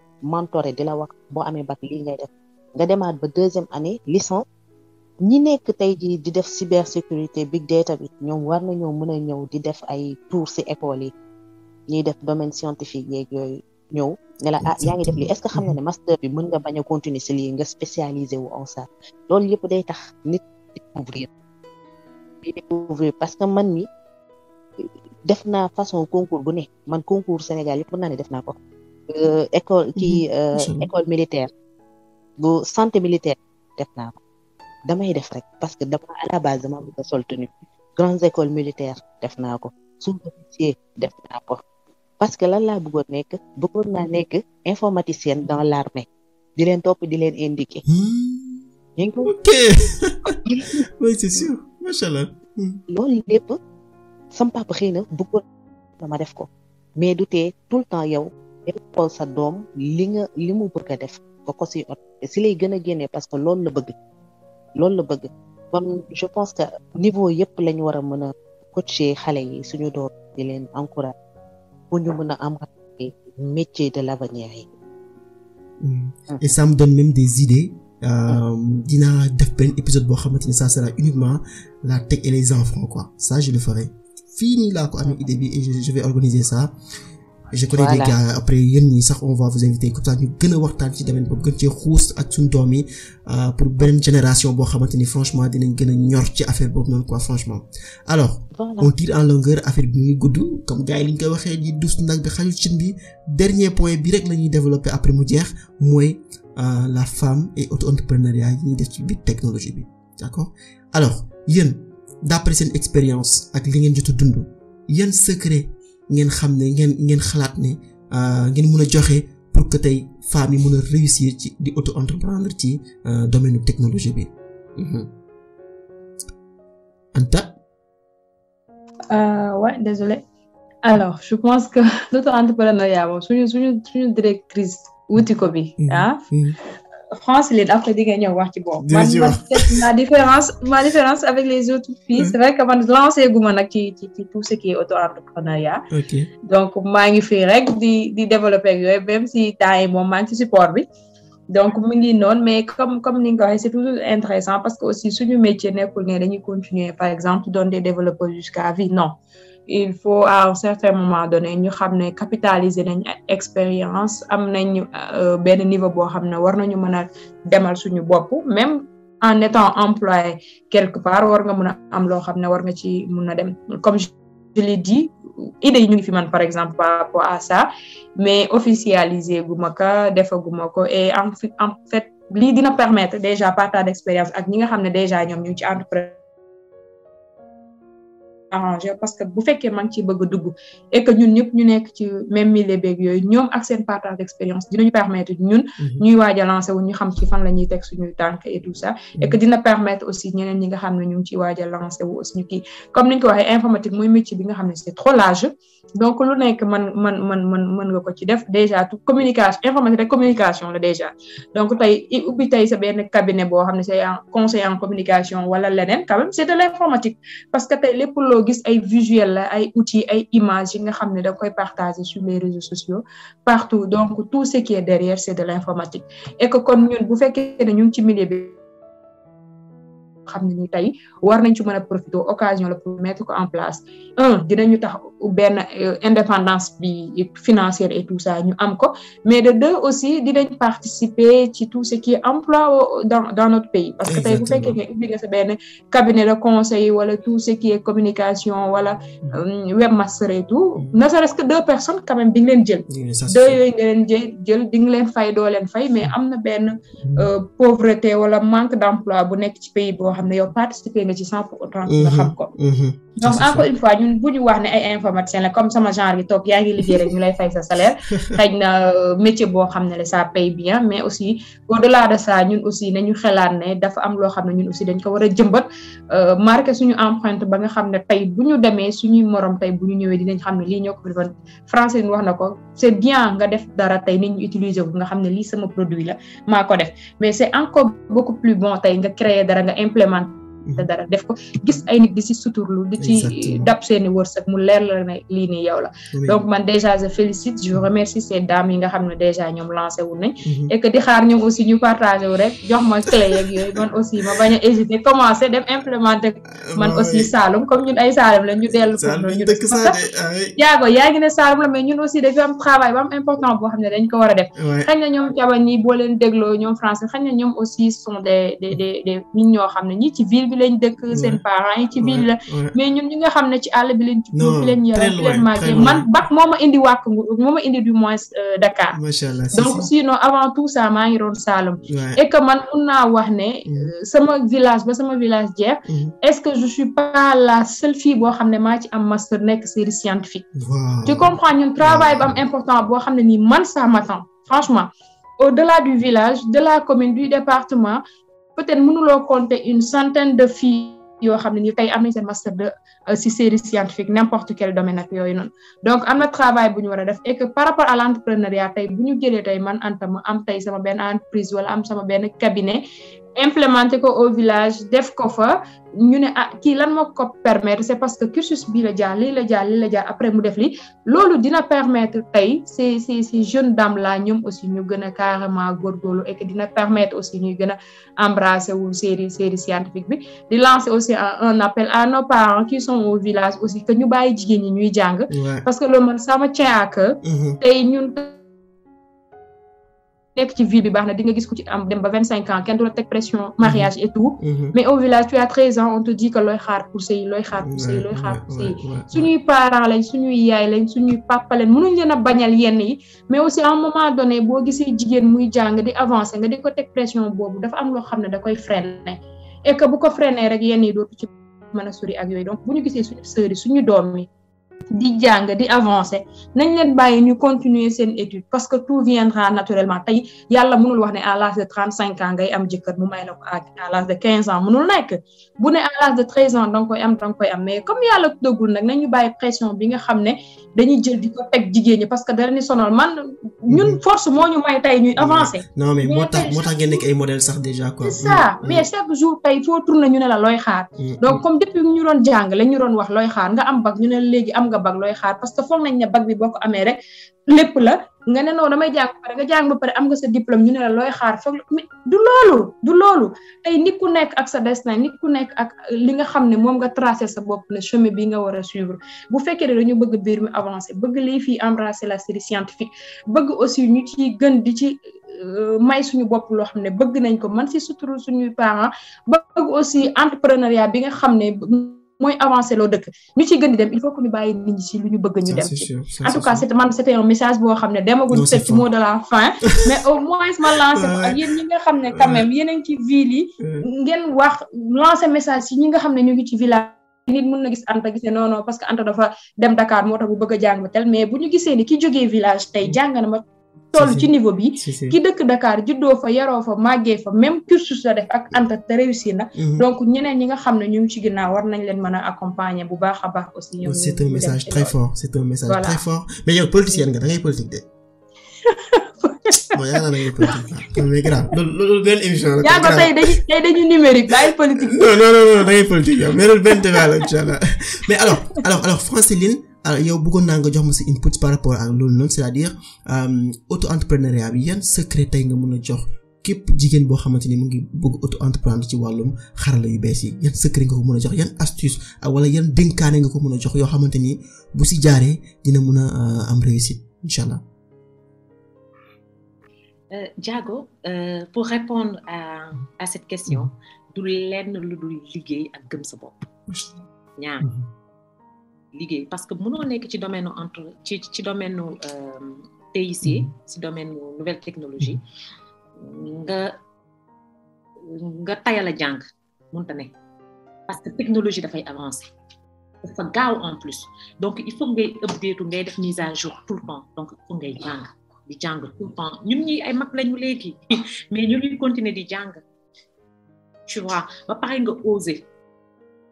mentoré di la wax boo amee bac lii ngay def nga demaat ba deuxième année licence ñi nekk tey jii di def cybersécurité big data bi ñoom war nañoo mën a ñëw di def ay tour si école yi ñuy def domaine scientifique yeeg yooyu ñëw ne la ah yaa ngi def lii est ce que xam nga ne master bi mën nga bañ a continuer si lii nga spécialisé wu en ça loolu yëpp day tax nit découvrir découvrir parce que man mi def naa façon concours bu ne man concours Sénégal yëpp mën naa ne def naa ko euh, école ci mhm. euh, école militaire bu santé militaire def naa ko damay def rek parce que dama à la base dama bëgg a sol tenue grandes écoles militaires def naa ko sous-officier def naa ko parce que lan laa bëggoon nekk bëggoon naa nekk informaticienne dans l'armée di leen topp di leen indiquer. Hmm. ok oui c'est sûr macha allah. Hmm. loolu lépp sam papa xëy na bëggoon dama def ko mais du tee tout le temps yow xool sa doom li nga li mu bëgg a def nga ko si ot si lay gën a génnee parce que loolu la bëgg loolu la bëgg kon je pense que niveau yépp lañ war a mën a coacher xale yi suñu doom di leen encourager pour ñu mën a am métier de l'avenir yi mm. et ça me donne même des idées euh, dinaa def benn épisode boo xamante ni ça sera uniquement la tech et les enfants quoi ça je le ferai fii nii laa ko amee mm. idée bi et je vais organiser ça je connais voilà. des gars après yéen ñi sax on va vous inviter comme ça ñu gën waxtaan ci domaine boobu gën ci xuus ak suñu doom yi euh, pour benen génération bo xamanteni franchement dinañ gën a ñor ci affaire bobu non quoi franchement. alors voilà. on tire en longueur affaire bi ngi gudd comme gars yi li ñu koy waxee di dus nag bi xajul cin bi dernier point bi rek lañuy développer après mu jeex mooy euh, la femme et auto-entrepreneuriat yi ñuy def ci bi technologie bi d'accord alors yéen d'après seen expérience ak li ngeen jot a dund yan secret ngeen xam ne ngeen ngeen xalaat ne euh, ngeen mun a joxe pour que tey femmes yi mun a réussir ci di auto entreprendre ci euh, domaine technologie bi. Mhm. Anta. Euh, ouais désolé alors je pense que l'auto entrepreneuriat moom suñu suñu suñu directrice wuti ko bi mhm. ah. Mhm. France, les après des gagnants, ouais qui bon. Ma différence, ma différence avec les autres filles, mm. c'est vrai que moi, lancer, goût, qui, qui, tout ce qui est auto-entrepreneuriat. Donc, moi, je fais règle, de développer, même si tu as un moment qui support, oui. Donc, je dis non mais comme comme ni c'est toujours intéressant parce que aussi suñu métier nekkul ne continuer par exemple donner des développeurs jusqu'à vie non il faut à un certain moment donné ñu xam capitaliser nañ expérience am nañ ben niveau bo xam ne war nañu mën a demal suñu bopp même en étant employé quelque part war nga mën a am loo xam ne war nga ci comme je l'ai dit idée yi ñu fi man par exemple par rapport à ça mais officialiser gu ma ko et en en fait lii dina permettre déjà partage d'expérience ak ñi nga déjà ñoom ñu ngi ci arranger parce que bu fekkee maa ngi ciy bëgg a dugg et que ñun ñëpp ñu nekk ci même milieu beeg yooyu ñoom ak seen partage d'expérience dinañu permettre ñun mhm. ñuy waaj a lancer wu ñu xam ci fan la ñuy teg suñuy tànk et tout ça et que mhm. dina permettre aussi ñeneen ñi nga xam ne ñu ngi ciy waaj a lancer wu aussi ñu kii comme ni ñu ko waxee informatique mooy métier bi nga xam ne c'est trop large donc lu nekk man man man man mën nga ko ci def déjà tout communication informatique rek communication la déjà donc tey ubbi tey sa benn cabinet boo xam ne c'est un conseil en communication wala leneen quand même c'est de l'informatique parce que tey lépp loo et gis ay visuel la outils ay images yi nga xam da partager sur les réseaux sociaux partout donc tout ce qui est derrière c'est de l'informatique et que kon ñun bu fekkee ne ñu ngi ci milieu bi xam ni war nañ a profité occasion la pour mettre ko en place un dinañu tax benn euh, indépendance financière et tout ça ñu am mais de deux aussi dinañ participer ci tout ce qui est emploi dans notre pays parce que tey bu fekkee nga ubbi nga cabinet de conseil wala tout ce qui est communication wala euh, webmaster et tout ne serait deux personnes quand même di nga leen jël deux yooyu nga leen jël jël di nga leen fay doo leen fay mais am na mm. euh, pauvreté wala manque d'emploi bu nekk ci pays boo xam ne yow participer nga ci cent pour autant nga mhm, xam ko mhm. donc na euh, métier boo xam ne la ça paye bien mais aussi au delà de ça ñun aussi nañu xelaat ne dafa am loo xam ne ñun aussi dañ ko war a jëmbat euh, marqué suñu empreinte ba nga xam ne tey bu demee suñuy morom tey bu ñu ñëwee dinañ xam ne lii ñoo ko defoon wax na ko c'est bien nga def dara tey nit ñu utiliser ko nga xam ne lii sama produit la maa def mais c'est encore beaucoup plus bon tey nga créer dara nga complemento te mhm. dara def ko gis ay nit di si suturlu di ci dab seeni wërsëg mu leer la ne lii nii yow la donc man déjà je félicite je remercie ces dames yi nga xam ne déjà ñoom lancé wu nañ mhm. et que di xaar ñoom aussi ñu partagé wu rek jox ma clé yeeg yooyu man aussi ma bañ a hésiter commencer dem implémenter euh, man aussi Saloum comme ñun ay Saloum la ñu dellu ko ñu dëkk yaago yaa ngi ne Saloum la mais ñun aussi dafa am travail ba am important boo xam ne dañ ko war a def xëy na ñoom caban yi boo leen dégloo ñoom français xëy na ñoom aussi sont des des des des nit ñoo xam ne ñi ci ville bi lañ dëkk seen parents ville mais Dakar donc sinon avant tout ça maa ngi et que man mun wax ne euh, mm-hmm. sama village ba sama village mm-hmm. est-ce que je suis pas la seule fille master série scientifique tu comprends ñun travail important franchement au-delà du village de la commune du département peut-être mënuloo compter une centaine de filles yoo xam ne ni tey am nañ seen master de si euh, série scientifique n'importe quel domaine ak yooyu noonu donc am na travail bu ñu war a def et que par rapport à l'entrepreneuriat tey bu ñu jëlee tey man Anta ma am tey sama benn entreprise wala am sama benn cabinet implémenté ko au village def ko fa ñu ne ah, kii lan moo ko permettre c'est parce que cursus bii la jaar lii la jaar lii la jaar après mu def li loolu dina permettre tey ces ces ces jeunes dames là ñoom aussi ñu gën a carrément góorgóorlu et que dina permettre aussi ñuy gën a embrasser wu série série scientifique bi di lancé aussi un appel à nos parents qui sont au village aussi que ñu bàyyi jigéen ñi ñuy jàng parce que loolu man ça à cœur mm-hmm. tey ñun nekk ci ville bi baax na di nga gis ku ci am dem ba 25 ans kenn du la teg pression mariage et tout mhm. Mhm. mais au village tu as 13 ans on te dit que looy xaar pour sëy looy xaar pour sëy looy xaar pour sëy suñuy parents lañ suñuy yaay lañ suñuy papa lañ mënuñ leen a bañal yenn yi mais aussi à un moment donné boo gisee jigéen muy jàng di avancer nga di ko teg pression boobu dafa am loo xam ne da koy freiner et que bu ko freiner rek yenn yi dootu ci mën a sori ak yooyu donc bu ñu gisee suñu sœur yi suñu doom yi di jàng di avancer nañ leen bàyyi ñu continuer seen étude parce que tout viendra naturellement tey yàlla mënul wax ne à l'âge de 35 ans ngay am jëkkër mu may la ko à l'âge de 15 ans mënul nekk bu ne à l'âge de 13 ans donc, koy am danga koy am mais comme yàlla dëggul nag nañu bàyyi pression bi nga xam ne dañuy jël di ko teg jigéen ñi parce que dara ni sonal man ñun mm-hmm. force moo ñu may tey ñuy avancer. non mais moo tax moo tax ngeen nekk ay modèle sax déjà quoi. c'est ça mm-hmm. mais chaque jour tey foo tourné ñu ne la looy xaar. Mm-hmm. donc comme depuis ñu doon jàng la ñu doon wax looy xaar nga am bac ñu ne léegi am nga bac looy xaar parce que foog nañ ne bac bi boo ko amee la nga ne damay jàng pare nga jàng pare am nga sa diplôme ñu ne la looy xaar foog du tey nit ku nekk ak sa destin nit nekk ak li nga xam ne moom nga tracé sa bopp ne chemin bi nga war a suivre bu fekkee ne dañu bëgg biir mi avancer bëgg lii fii embrasser la série scientifique bëgg aussi ñu ci gën di ci euh, may suñu bopp loo xam ne bëgg nañ ko man si sutur suñuy parents bëgg moy avancé lo deuk ñu ci il faut que ñu nit ci lu ñu en tout cas c'était man c'était un message bo xamné ci mot de la fin mais au moins ma lancé ñi nga quand même a ci ville yi ngeen message ci ñi nga xamné ñu ngi ci village nit mëna gis Anta non non parce que Anta dafa dem Dakar motax bu bëgg mais bu ñu gisé ni ki joggé village tay toll ci niveau bi ki dëkk Dakar juddoo fa yaroo fa màggee fa même cursus la def ak Anta te réussir na mhm. donc ñeneen ñi nga xam ne ñu ci ginnaaw war nañ leen mën a accompagner bu baax a baax aussi ñoom oh, c'est un message très fort c'est un message très fort mais yow politicienne nga da ngay politique de bon yaa ngi naan politique mais ah. grave loolu loolu benn émission la. yaa ko tey dañuy tey dañuy numérique bàyyi politique. non non non da ngay politique yow mais loolu benn débat la incha allah mais alors alors alors Franceline. yow bëggoon naa nga jox ma sa input par rapport ak loolu noonu c'est-à-dire euh, auto entrepreneuriat bi yan secret tey nga mën a jox képp jigéen boo xamante ni mu ngi bëgg auto entreprendre ci wàllum xarala yu bees yi yan secret nga ko mën a jox yan astuce ah, wala yan dénkaane nga ko mën a jox yoo xamante ni bu si jaaree dina mën a euh, am réussite incha allah euh, Diago, euh, pour répondre à, à cette question, du lenn lu dul liggéey ak gëm sa bopp. Ñaar. liggéey parce que mënoo nekk ci domaine entre ci ci domaine euh, TIC si mm-hmm. domaine nouvelle technologie nga nga tayal a jàng mënta ne parce que technologie dafay avancer dafa gaaw en plus donc il faut ngay update ngay def mise à jour tout le temps donc il faut ngay jàng di jàng tout le temps ñun ñi ay mag lañu léegi mais ñu ngi continuer di jàng tu vois ba pare nga oser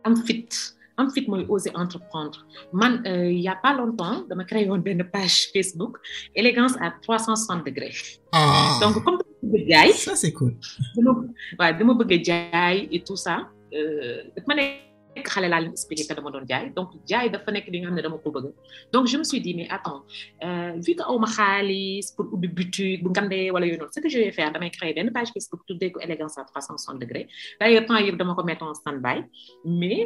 am fit am fit osé oser entreprendre euh, il n'y a pas longtemps dans créé une page Facebook élégance à 360 degrés ah. donc comme de bëgg ça c'est cool de mon dama bëgg et tout ça euh, nekk xale laa leen expliqué que dama doon jaay donc jaay dafa nekk li nga xam ne dama ko bëgg donc je me suis dit mais attends euh, vu que aw ma xaalis pour ubbi boutique bu ngandee wala yooyu noonu ce que je vais faire damay créer benn page Facebook tuddee ko élégance à trois cent soixante degré d'ailleurs temps yëpp dama ko mettre en stand-by mais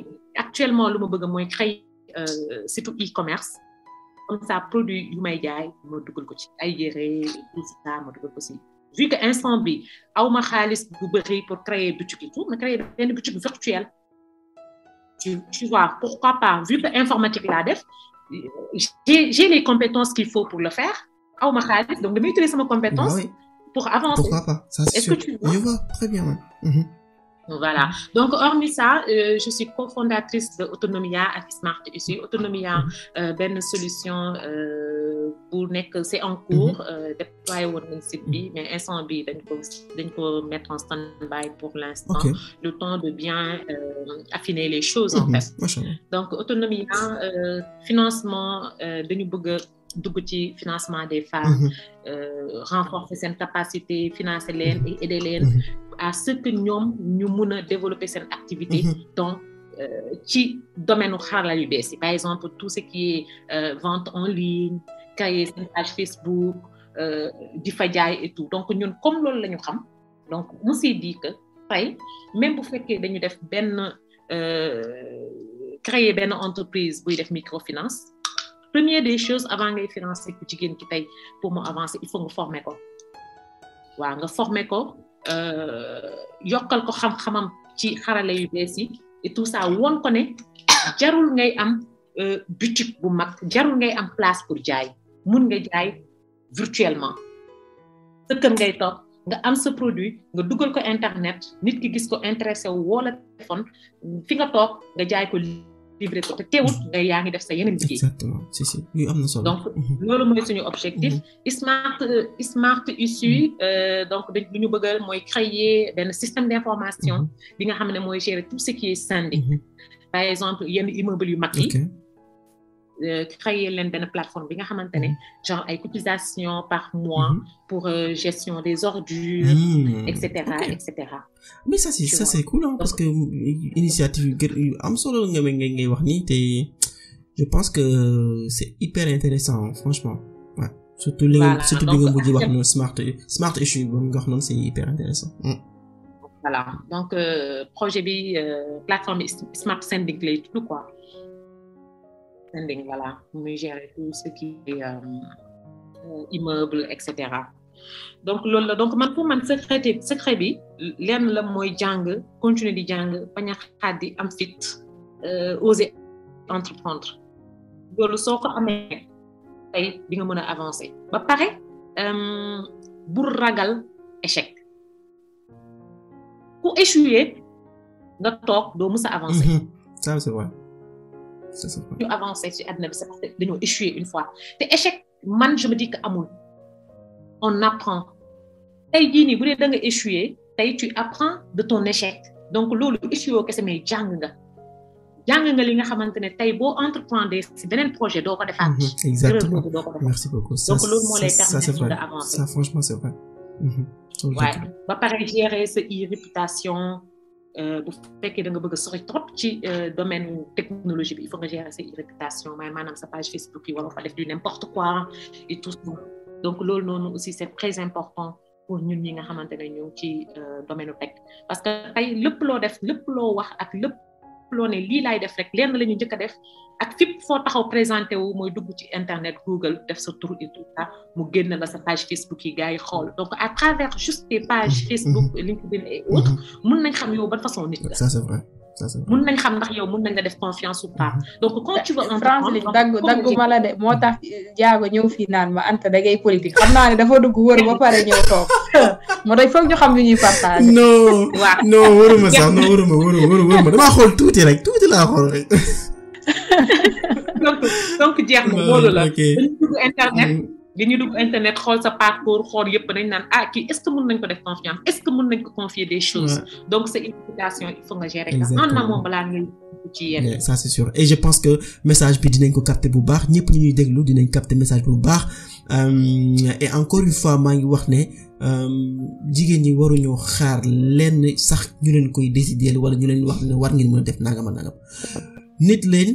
actuellement lu ma bëgg mooy c'est euh, surtout e-commerce comme ça produit yu may jaay ma dugal ko ci ay yére tout ça ma dugal ko ci vu que instant bi aw ma xaalis bu bëri pour créer boutique et tout ma créer benn boutique virtuelle tu, vois, pourquoi pas, vu que informatique la def j'ai les compétences qu'il faut pour le faire donc je vais mes utiliser mes compétences pour avancer pourquoi pas ça c'est sûr est-ce que tu vois vois très bien. Mhm. Voilà. Donc, hormis ça, euh, je suis cofondatrice de Autonomia à ici. Autonomia, mhm. euh, ben solution euh, pour que c'est en cours, déployer mhm. euh, site bi, mais instant bi, ben ko mettre en stand-by pour l'instant, le temps de bien euh, affiner les choses en mhm. fait. Donc, Autonomia, euh, financement, de nous financement des femmes. renforcer ses capacité financer leen et aider à ce que nous ñu développer cette activité mhm. dans le euh, domaine de yu par exemple tout ce qui est euh, vente en ligne créer page Facebook euh, di et tout donc ñun comme nous le savons, donc on s'est dit que même bu nous dañu def euh, créer une entreprise pour def microfinance première des choses avant de financer pour avancer il faut nga former ko waaw nga former Euh, yokkal ko xam-xamam ci xarala yu bees yi et tout ça woon ko ne jarul ngay am euh, boutique bu mag jarul ngay am place pour jaay mun nga jaay virtuellement sa kër ngay toog nga am sa produit nga dugal ko internet nit ki gis ko intéressé wu woo la téléphone fi nga toog nga jaay ko vivre ko te teewut mhm. nga yaa ngi def sa yeneen liggéey. exactement si si yu am na solo. donc mhm. loolu mooy suñu objectif. Mhm. smart euh, smart issue euh, donc dañ lu ñu bëggal mooy créer benn système d'information. bi nga xam ne mooy gérer tout ce qui est syndic. par exemple yenn immeuble yu mag yi. Euh, créer une plateforme bi nga mm-hmm. genre ay cotisation par mois mm-hmm. pour euh, gestion des ordures mm-hmm. etc., cetera mais ça c'est ça c'est cool hein, parce que initiative je pense que c'est hyper intéressant hein, franchement ouais surtout les surtout bi smart smart et je suis c'est hyper intéressant mm. voilà donc euh, projet bi plateforme smart sending tout quoi standing, voilà, muy gérer tout ce qui est euh, euh, immeuble, et cetera. donc loolu donc man pour man secret secret bi lenn la mooy jang, continuer di pas n'y a pas am fit euh, oser entreprendre loolu soo ko amee tey di nga mën a avancer ba euh, bu ragal échec ku échouer nga toog doo mës avancer. Mm-hmm. ça c'est vrai ñu avancé ci àdduna bi c'est parce que dañoo échoué une fois te échec man je me dis que amul on apprend tey jii vous bu dee da nga tu apprends de ton échec donc loolu échoué kese mais jàng nga jàng nga li nga xamante ne tey boo entreprendre c'est beneen projet doo ko defaat. Mhm, exactement merci beaucoup. donc loolu moo lay permettre nga avancer ça franchement c'est vrai. Mhm, ouais. Va pare gérer sa i réputation. Euh, bu fekkee da nga bëgg a sori trop ci euh, domaine technologie bi il faut nga gérer sa réputation maanaam sa page Facebook yi wala fa def du n'importe quoi et tout ça donc loolu noonu aussi c'est très important pour ñun ñi nga xamante ne ñu ngi ci euh, domaine tech parce que tey lépp loo def lépp loo wax ak lépp loo ne lii laay def rek lenn la ñu njëkk a def ak fépp foo taxaw présenté wu mooy dugg ci internet Google def sa et tout ça mu génn la sa page Facebook yi gars yi donc à travers juste tes pages mm-hmm. Facebook mm-hmm. LinkedIn et autres mun mm-hmm. nañ xam yow ban façon nit ça c'est vrai mun nañ xam ndax yow mun nañ la def confiance ou pas mhm. donc quand tu veux translate dagg de moo tax jaago ñëw fii naan ma Anta da ngay politique xam naa ne dafa dugg wër ba pare ñëw toog moo tax foog ñu xam li ñuy partage non waaw wëruma sax non wëruma wëruma wëruma damaa xool tuuti rek tuuti laa xool rek li ñuy dugg internet xool sa parcours xool yëpp nañ naan ah kii est ce que mën nañ ko def confiance est ce que mën nañ ko confier des choses. donc c'est une il faut nga gérer. en amont balaa ngay ci yenn. ça c'est sûr et je pense que message bi dinañ ko capté bu baax ñëpp ñu ñuy déglu dinañ capté message bu baax euh, et encore une fois maa ngi wax ne euh, jigéen ñi waruñoo xaar lenn sax ñu leen koy décider wala ñu leen wax ne war ngeen mën a def nangam ak nangam nit leen.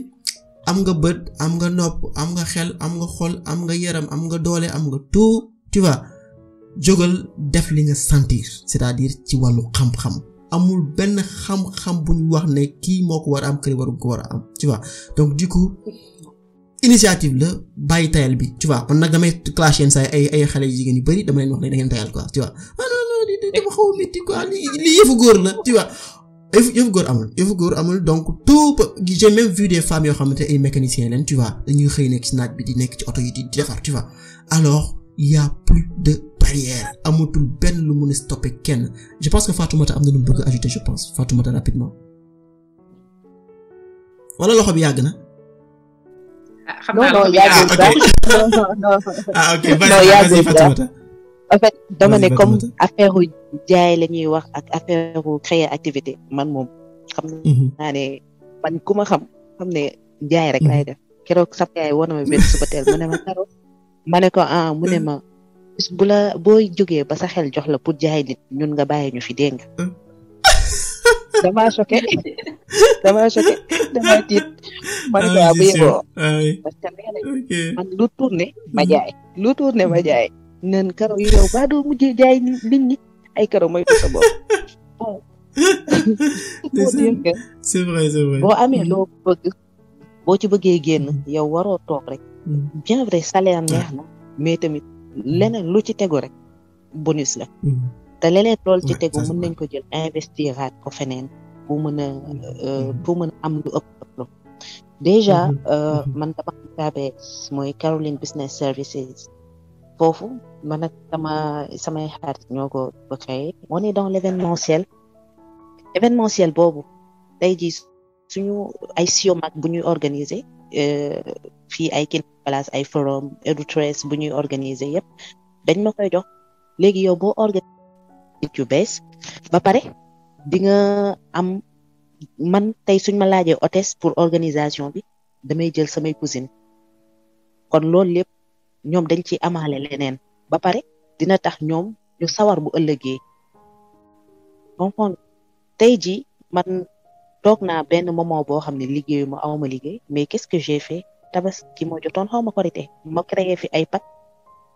am nga bët am nga nopp am nga xel am nga xol am nga yaram am nga doole am nga tout tu vois jógal def li nga sentir c'est-à-dire ci wàllu xam-xam amul benn xam-xam bu ñu wax ne kii moo ko war a am këri waru ko war a am tu vois donc du coup initiative la bàyyi tayal bi tu vois man nag damay clash yenn saa ay ay xale yu jigéen yu bari damay leen wax ne da ngeen tayal quoi tu vois ah non non dama xaw a métti quoi lii yëfu góor la tu vois góor amul amul donc tout j'ai même vu des femmes yoo et ay mécaniciens leen tu vois dañuy xëy nekk naaj bi di ci alors il y a plus de barrière amatul benn lu mun kenn je pense que Fatoumata am na bëgg ajouter je pense Fatoumata rapidement wala loxo bi na. ah xam ah, ok. ah ok vas-y Fatoumata en fait dama ne comme affaire u jaay la ñuy wax ak affaire u activité man moom xam mhm. man ku xam xam ne jaay rek lay mhm. def keroog sama yaay war ma benn suba teel mu ne ma Caro ma ko ah mu booy jógee ba sa xel jox la pour jaay nit ñun nga bàyyi ñu fi dégg nga euh. damaa choqué damaa ah, ah, choqué ah man kaa bu yeboo parce neen karaw yi yow baa doo mujjee jaay nit ñi ay karaw mooy sa bopp. c'est vrai c'est boo amee mm-hmm. loo boo ci bëggee génn yow waroo toog rek. Mm-hmm. bien vrai salaire neex na mais tamit leneen lu ci tegu rek bonus la. Mm-hmm. te leneen loolu ci tegu mën nañ ko jël investiraat ko feneen pour mën a euh, pour mën a am lu ëpp ëpp. déjà euh, man dama am KBS mooy Caroline Business Services. foofu man ak sama samay xarit ñoo ko ba créé on est dans l'événementiel événementiel boobu tey ji suñu ay sio mag bu ñuy organiser fii ay kin place ay forum edutress bu ñuy organiser yëpp dañ ma koy jox léegi yow boo organiser yu ba pare di nga am man tey suñ ma laajee hôtesse pour organisation bi damay jël samay cousine kon loolu lépp ñoom dañ ciy amaale leneen ba pare dina tax ñoom ñu sawar bu ëllëgee comprendre tey jii man toog naa benn moment boo xam ne liggéeyu ma awma liggéey mais qu'est-ce que j'ai fait tabaski moo jotoon xaw ma korite ma créé fi ay pag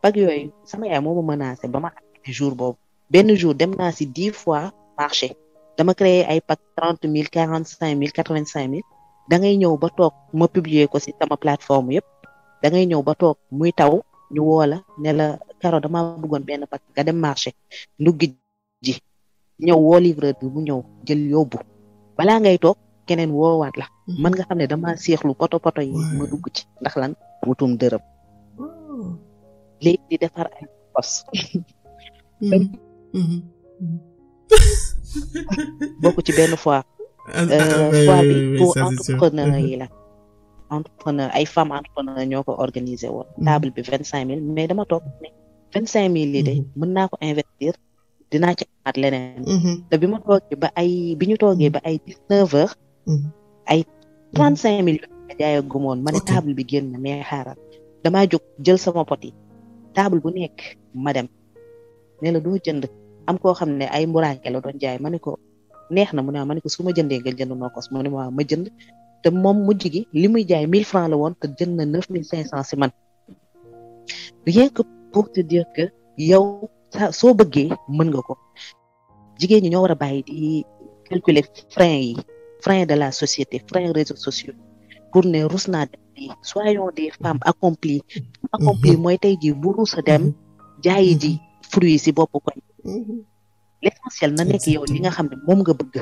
pag yooyu sama yaay moo ma menacé ba ma acti jour boobu benn jour dem naa si dix fois marché dama créé ay pag trente mille quarante cinq mille quatre vingt cinq mille da ngay ñëw ba toog ma publier ko si sama plateforme yëpp dangay ngay ñëw ba toog muy taw ñu woo la ne la Caro dama bëggoon benn paquet nga dem marché nduggi ji ñëw woo livreur bi mu ñëw jël yóbbu balaa ngay toog keneen woowaat la mën mm-hmm. nga xam ne dama seexlu poto poto yi ma dugg ci ndax lan wutum dërëm oh. léegi di defar ay pos mm-hmm. Mm-hmm. bokk ci benn fois ah, ah, euh, fois bi pour entrepreneur yi la entrepreneur ay femmes entrepreneur ñoo ko organiser woon mhm. table bi vingt cinq mille mais dama toog ne vingt cinq mille yi de mhm. mën naa ko investir dinaa ci amaat leneen mhm. te bi ma ba ay bi ñu toogee ba ay dix neuf trente cinq mille yooyu jaay ak gumoon ma table bi génn mais xaaral damaa jóg jël sama pot table bu nekk ma dem ne la doo jënd am koo xam ne ay mburaake la doon jaay ma ne ko neex na mu ne ma ne ko su ma jëndee nga jënd noo kos ma jënd te moom mujj gi li muy jaay 1000 francs la woon te jënd na 9500 si man rien que pour te dire que yow soo bëggee mën nga ko jigéen ñi ñoo war a bàyyi di calculer frein yi frein de la société frein réseaux sociaux pour ne rus naa dem soyons des femmes accomplies accomplies mhm. mooy tey ji bu rusa dem mhm. jaayi mhm. ji fruit si bopp koñ l'essentiel na nekk yow li nga xam ne moom nga bëgg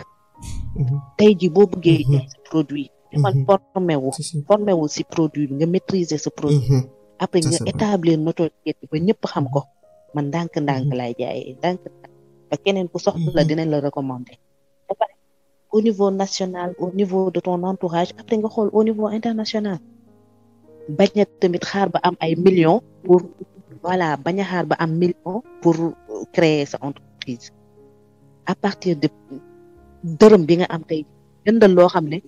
tey ji boo bëggee jaay produit man formé wu formé wu si produit bi nga maîtriser sa produit mhm. après nga établir notoriété ba ñëpp xam ko man ndànk-ndànk mhm. laay jaayee ndànk-ndànk ba keneen ku soxla la mhm. dinañ la recommander au niveau national au niveau de ton entourage après nga xool au niveau international bañ a tamit xaar ba am ay millions pour voilà bañ a xaar ba am millions pour euh, créer sa entreprise à partir de dërëm bi nga am tey jëndal loo xam ne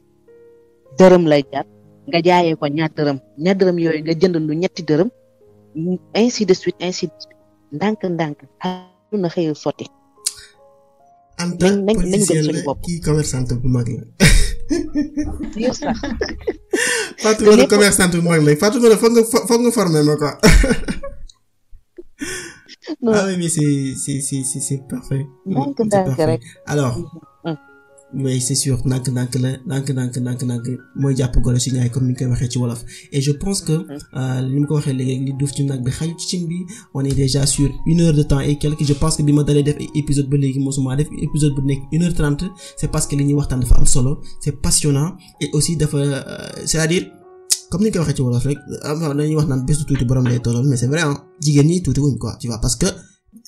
dërëm lay jar nga jaayee ko ñaar dërëm ñaar dërëm yooyu nga jënd lu ñetti dërëm ainsi de suite ainsi de suite ndànk ndànk xaaru na xëyul sotti. Anta politicien la kii commerçante bu foog nga foog nga former ma quoi. non ah oui mais c'est c'est c'est c'est parfait. mais c'est sûr nank nank la nank nank nank nank mooy jàpp golo si ñaay comme ni ñu koy waxee ci wolof et je pense que li euh, mu ko waxee léegi li duuf ci nag bi xaju ci cin bi on est déjà sur une heure de temps et quelque je pense que bi ma dalee def épisode ba léegi mosuma def épisode bu nekk une heure trente c'est parce que li ñuy waxtaan dafa am solo c'est passionnant et aussi dafa euh, c'est-à-dire comme ni ñu koy waxee ci wolof rek euh, dañuy wax naan bés bu tuuti borom lay tolloon mais c'est vrai ah jigéen ñi tuuti wuñ quoi tu vois parce que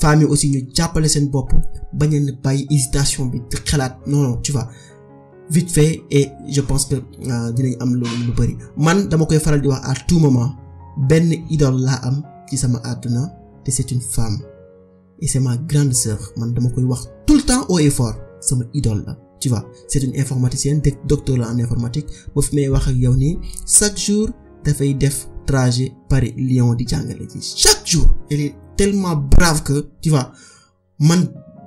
famille aussi ñu jappalé sen bop bañ a bay hésitation bi xalaat non non tu vois vite fait et je pense que euh, dinañ am lu lu bari man dama koy faral di wax à tout moment ben idole la am ci sama aduna te c'est une femme et c'est ma grande sœur man dama koy wax tout le temps au effort fort sama idole tu vois c'est une informaticienne docteur en informatique ba fi may wax ak yow chaque jour fay def trajet Paris Lyon di jangale ji chaque jour elle est tellement brave que tu vois man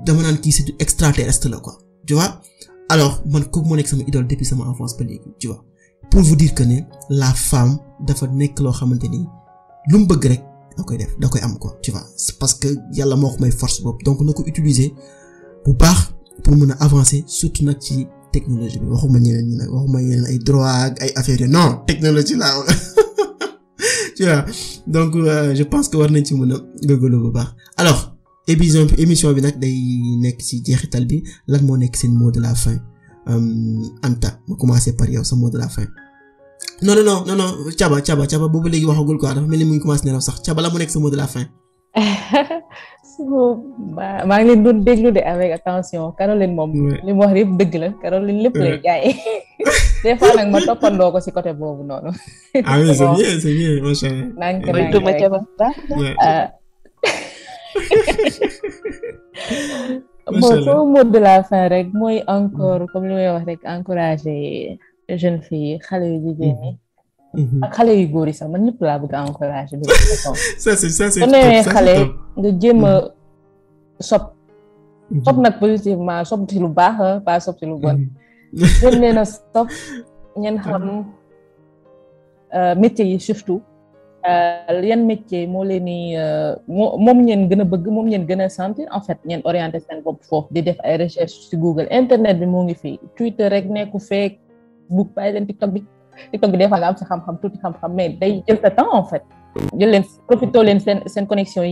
dama nan ki c'est du extraterrestre là quoi tu vois alors man kooku mon nekk sama idole depuis sama enfance ba tu vois pour vous dire que ne la femme dafa nek lo xamanteni lu mu rek da koy def da koy am quoi tu vois c'est parce que yalla moko may force boobu donc nako utiliser bu baax pour mën avancer surtout nak ci technologie bi waxuma ñeneen ñi nag waxuma ñeneen ay droit ay affaires non technologie là donc euh, je pense que war nañ ci mën alors émission émission bi nak day nekk ci jeexital bi lan mot de la fin euh, Anta ma commencer par yow sa mot de la fin. non non non non non non, non, non, boobu léegi quoi dafa sa mot de la fin. merci beaucoup maa ngi leen doon déglu de avec attention Caroline moom. li mu wax yëpp dëgg la Caroline lépp lay jaay. des fois nag ma toppandoo ko si côté boobu noonu. ah oui c'est bien c'est bien euh, macha allah. bon sama de la fin rek mooy encore comme li may rek encourager jeunes filles xale yu jigéen ñi mm-hmm. Mm-hmm. ak xale yu góor yi sax man ñëpp laa bëgg a encourager. ça c'est ça nga jéem a mm-hmm. sob. Mm-hmm. sob nag positivement sob si lu baax ah, pas sob ci lu bon. gën leen a sob ngeen xam euh, métiers yi surtout. Euh, yan métier moo leen ni euh, moo moom ngeen gën a bëgg moom ngeen gën a sentir en fait ngeen orienté seen bopp foofu di def ay recherche ci Google internet bi moo ngi fi Twitter rek nekku fee Facebook par exemple TikTok bi di des fois am xam-xam tuuti xam-xam mais day jël sa temps en fait jël leen profito connexion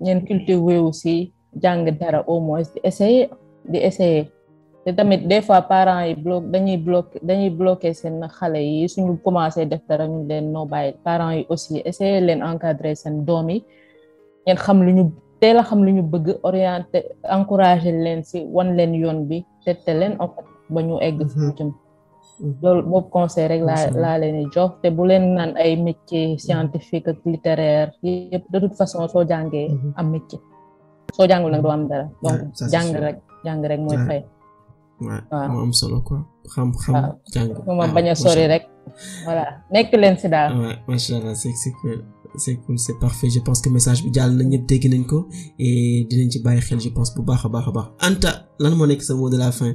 jënd aussi jàng dara au moins essayer di essayer des fois parents yi dañuy dañuy bloquer seen xale yi suñu commencé def dara ñu parents aussi essayer leen encadrer seen doom yi xam lu a xam lu bëgg si wan bi loolu boobu conseil rek laa laa leen jox te bu leen naan ay métier mm-hmm. scientifique ak littéraire yëpp de toute façon soo jàngee mm-hmm. am métier soo jàngul nag doo am dara donc jàng rek jàng rek mooy fay waaw moo am solo quoi xam-xam jàng ma bañ a sori rek voilà nekk leen si daal macha allah c'est c'est cool c'est cool c'est parfait je pense que message bi jàll na ñëpp dégg nañ ko et dinañ ci bàyyi xel je pense bu baax a baax a baax Anta lan moo nekk sa mot de la fin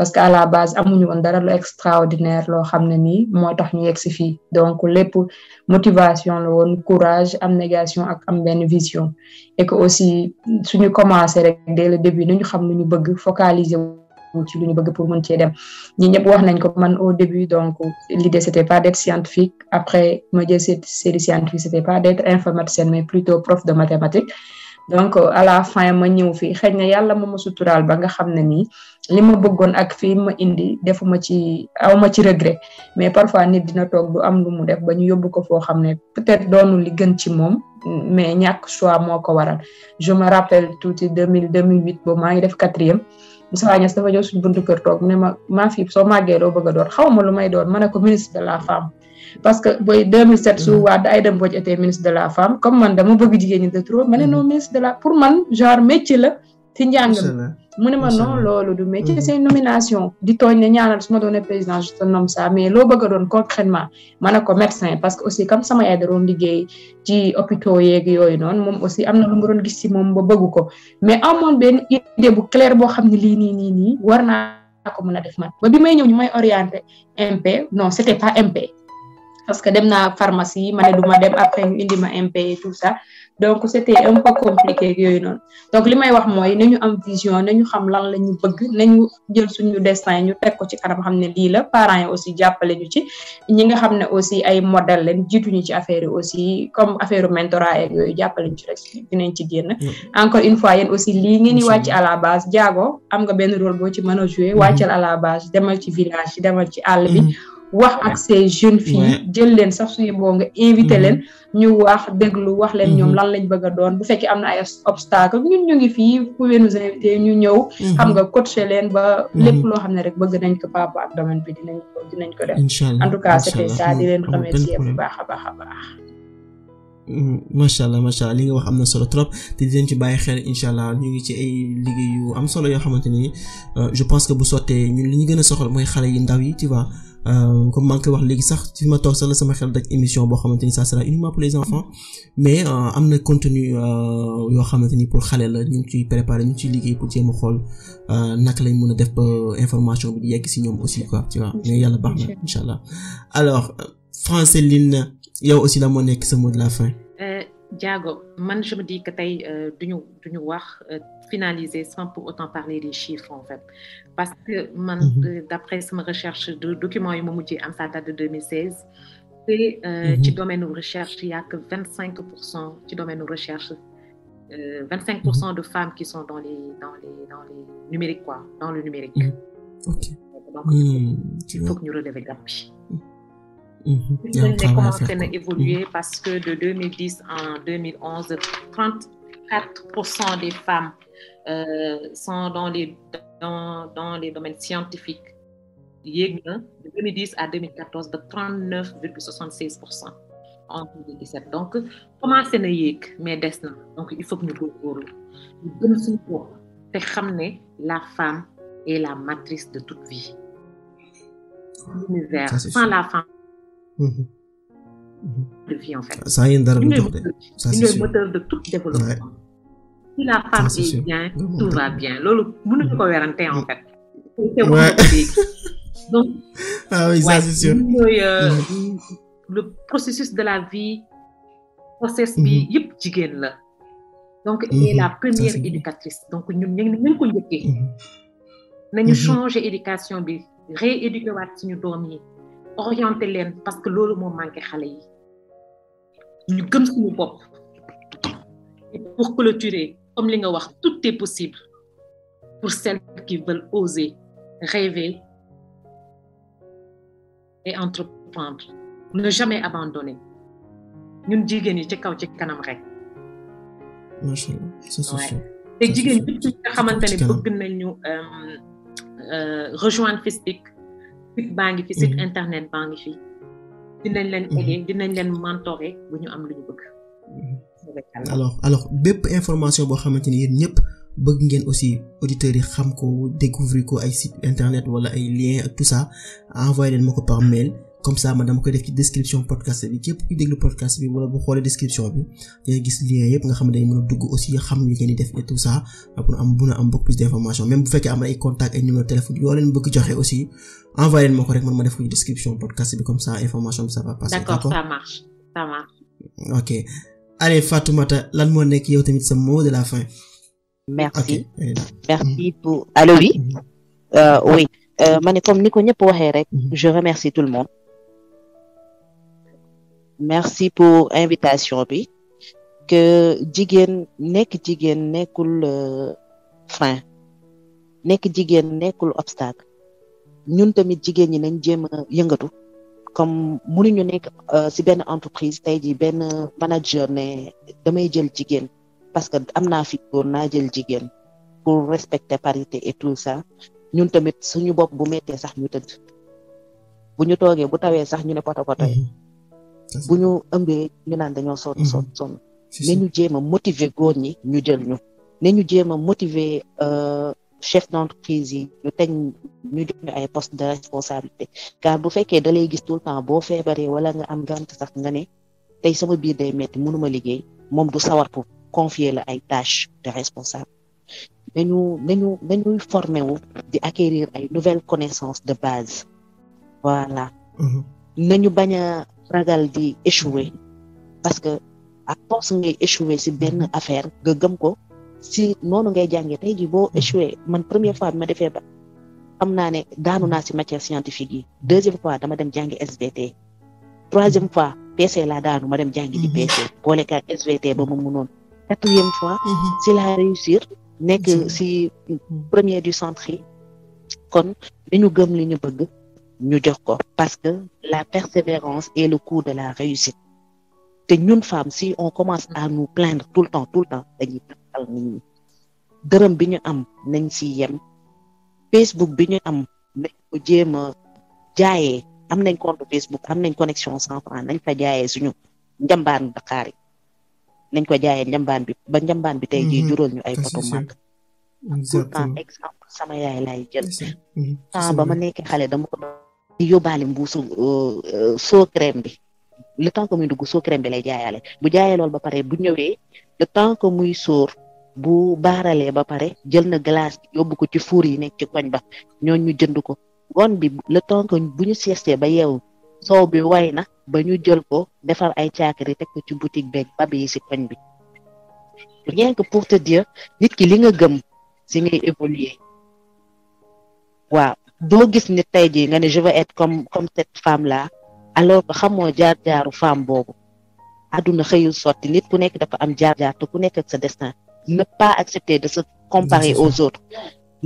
parce qu'à la base amuñu woon dara lo extraordinaire lo xamné ni motax ñu donc motivation la courage négation ak am ben vision et que aussi suñu commencé rek dès le début nous xam lu ñu bëgg focaliser ci lu ñu pour mën ci dem ñi ñëpp wax nañ au début donc l'idée c'était pas d'être scientifique après ma jël cette série scientifique c'était pas d'être informaticien, mais plutôt prof de mathématiques donc à la fin ma ñëw fii xëy na yàlla ma ma suturaal ba nga xam ne nii li ma bëggoon ak fii ma indi defuma ci aw ma ci regret mais parfois nit dina toog du am lu mu def ba ñu yóbbu ko foo xam ne peut-être doonu li gën ci moom mais ñàkk choix moo waral je me rappelle touti 2000 2008 bo ma ngi def 4e Moussa Niass dafa jox suñu buntu kër toog mu ne ma ma fi soo màggee loo bëgg a doon xaw ma lu may door ma ko ministre de la femme parce que boy 2007 su mm-hmm. ay dem Mbodj était ministre de la femme comme man dama bëgg jigéen ñi de trop mané mm-hmm. non ministre de la pour man genre métier la ci njàng mu ne ma non loolu du métier mm-hmm. c'est une nomination di togn né ñaanal suma ma président je te nomme ça mais lo bëgg a doon concrètement mané ko médecin parce que aussi comme sama aide ron doon liggéey ci hôpitaux yeeg yooyu non mom aussi amna lu mu doon gis ci mom ba bëgg ko mais amone ben idée bu clair bo xamni li ni ni ni nii war naa ko mën def man ba bi may ñew ñu may orienter MP non c'était pas MP parce que dem naa pharmacie ma duma dem après ñu indi ma MP et tout ça donc c'était un peu compliqué yooyu noonu donc li may wax mooy nañu am vision nañu xam lan la ñu bëgg nañu jël suñu destin ñu teg ko ci kanam xam ne lii la parents yi aussi jàppale ñu ci ñi nga xam ne aussi ay modèle leen jiituñu ci affaire yi aussi comme affaire mentorat yeeg yooyu jàppale ñu ci rek ci génn. Mm. encore une fois yéen aussi lii ngeen di wàcc à la base jaago am nga benn rôle boo ci mën a jouer wàccal mm-hmm. à la base demal ci village yi demal ci àll bi. Mm-hmm. wax ak jeune jeunes jël leen sax suñu boo nga invité mm-hmm. leen ñu wax déglu wax leen ñoom mm-hmm. lan lañ bëgg doon bu fekkee am na ay obstacle ñun ñu ngi fii vous pouvez nous inviter ñu ñëw mm-hmm. xam nga coacher leen ba lépp loo xam ne rek bëgg nañ a papa ak domaine ko dinañ ko def en tout baax a baax a baax mm, macha li nga wax am na solo trop te di leen ci bàyyi xel incha allah ñu ngi ci ay liggéeyu am solo yoo xamante ni euh, je pense que bu sottee ñun li ñu gën a soxla mooy xale yi ndaw yi tu vois Euh, comme maa wax léegi sax fi ma tok sax la sama xel daj émission bo xamanteni ça sera uniquement pour les enfants mais euh, am na contenu euh, yo xamanteni pour xalé la ñu ci préparer ñu ci ciy liggéey pour jéem xol xool euh, naka lañ mëna def ba information bi di yegg ci ñom aussi quoi tu vois mais yalla baax inshallah alors Franceline yow aussi la mo nekk sa mot de la fin. euh, Diago man je me dis que tey duñu duñu wax finaliser sans pour autant parler des chiffres en fait parce que mhm. euh, d'après ma recherche de documents yu ma dit date de 2016 dois euh, mhm. ci domaine recherche il y a que 25 tu domaine de recherche 25 euh, mhm. de femmes qui sont dans les dans les dans les numériques quoi dans le numérique. ok hmm, il faut que nous le commencé à évoluer parce que de 2010 en 2011 34 des femmes. Euh, sont dans les, dans, dans les domaines scientifiques de 2010 à 2014 de 39,76% en 2017 donc comment c'est yéeg mais donc il faut que nous nous nous gën ramener la femme est la matrice de toute vie l'univers sans la femme mhm. Mhm. de vie en fait c'est le moteur de tout développement la femme est, bien, tout va bien. en fait. donc. Ah oui ça c'est euh, le processus de la vie. processus, le mm-hmm. la. donc est la mm-hmm. première éducatrice donc nous mm-hmm. éducation rééduquer orienter parce que lolo manque nous ñu pour clôturer comme li nga wax tout est possible pour celles qui veulent oser rêver et entreprendre ne jamais abandonner ñun jigéen ci kaw ci kanam rek. machallah allah ça c'est sûr. ci xamantene ñi nga xamante bëgg nañu euh, euh, rejoindre FESTIC. site bangi fi site mhm. internet baa ngi fi. dinañ leen mhm. aider dinañ leen mentorer bu ñu am luñu bëgg. Mhm alors alors bépp information boo xamante ni yéen ñëpp bëgg ngeen aussi auditeurs yi xam ko découvrir ko ay site internet wala ay lien ak tout ça envoyé leen ma ko par mail comme ça ma dama koy def ci description podcast bi képp kuy déglu podcast bi wala bu xoolee description bi dangay gis lien yëpp nga xam ne dañ mën a dugg aussi xam li ngeen di def et tout ça pour am mun a am beaucoup plus d'information même bu fekkee am ay contact ay numéro téléphone yoo leen bëgg joxe aussi envoyé leen ma ko rek man ma def ko ci description podcast bi comme ça information bi ça va passer. d'accord ça marche ça marche. ok allez Fatoumata lan mot de la fin. merci merci pour Allô, oui. Mm-hmm. Euh, oui euh, mm-hmm. je remercie tout le monde. merci pour invitation que digen nek euh, fin, nek obstacle. Nous comme mënuñu nekk euh, si benn entreprise tay jii benn manager ne damay jël jigéen parce que am naa fi góor naa jël jigéen pour respecter parité et tout ça ñun tamit suñu bopp bu méttee sax ñu tëdd bu ñu toogee bu tawee sax ñu ne poto poto yi mm-hmm. bu ñu ëmbee ñu naan dañoo sonn mm-hmm. sonn sonn ne ñu jéem a motiver góor ñi ñu jël ñu ne ñu jéem a motiver euh, chef d'entreprise yi ñu teg ñu jox ay poste de responsabilité car bu fekkee da lay gis tout le temps boo feebaree wala nga am gant sax nga ne tey sama biir day metti mënuma liggéey moom du sawar pour confier la ay tâches de responsable nañu nañu nañuy formé wu di acquérir ay nouvelles connaissances de base voilà mm-hmm. nañu bañ a ragal di échouer parce que à force ngay échouer si benn affaire nga gëm ko si nous ngay jàngee tey jii boo hmm. échoué la première fois bi ma defee ba xam naa ne daanu naa si matière scientifique deuxième fois dama dem jàngi SVT troisième hmm. fois PC laa daanu ma dem jàngi di hmm. PC boole SVT ba quatrième fois si la réussir nekk si premier du centre yi kon nous gëm li ñu bëgg ñu jox ko parce que la persévérance est le coup de la réussite te ñun femme si on commence à nous plaindre tout le temps tout le temps dañuy neexal nit ñi dërëm bi ñu am nañ si yem facebook bi ñu am nañ ko jéem a jaayee am nañ compte facebook am nañ connexion sans franc nañ fa jaayee suñu njambaan Dakar yi nañ ko jaayee njambaan bi ba njambaan bi tey jii jural ñu ay poto mag pourtant exemple sama yaay laay jël temps ba ma nekkee xale dama ko di yóbbaale mbuusu soo crème bi le temps que muy dugg soo crème bi lay jaayaale bu jaayee loolu ba pare bu ñëwee le temps que muy sóor bu baaralee ba pare jël na glace yóbbu ko ci fuur yi nekk ci koñ ba ñooñ jënd ko ngoon bi le temps que bu ñu sieste ba yeewu soow bi way na ba ñu jël ko defar ay caakiri teg ko ci boutique beeg bab yi si koñ bi rien que pour te dire nit ki li nga gëm si ngay évoluer waaw doo gis nit tey jii nga ne je veux être comme cette femme là alors que xamoo jaar jaaru femme boobu àdduna xëyu sotti nit ku nekk dafa am jaar jaar te ku nekk ak sa destin ne pas accepter de se comparer aux autres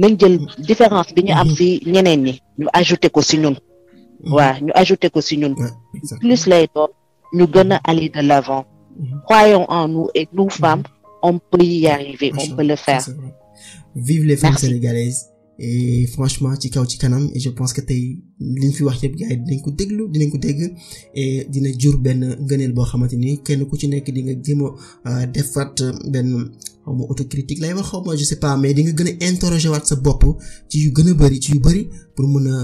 nañ jël différence bi ñu am si mhm. ñeneen ñi ñu ajouter ko si ñun nous mhm. ñu ajouter ko si ñun plus les doon ñu aller de l'avant mhm. croyons en nous et nous femmes on peut y arriver on peut le faire vive les femmes sénégalaises et franchement ci kaw et je pense que tey liñ fi wax yëpp gars yi dinañ ko déglu ko et dina jur benn ngëneel boo xamante ni kenn ku ci nekk di nga a euh, euh, xaw ma autocritique lay wax xaw ma je sais pas mais di nga gën a interroger waat sa bopp ci yu gën a bëri ci yu bëri pour mën a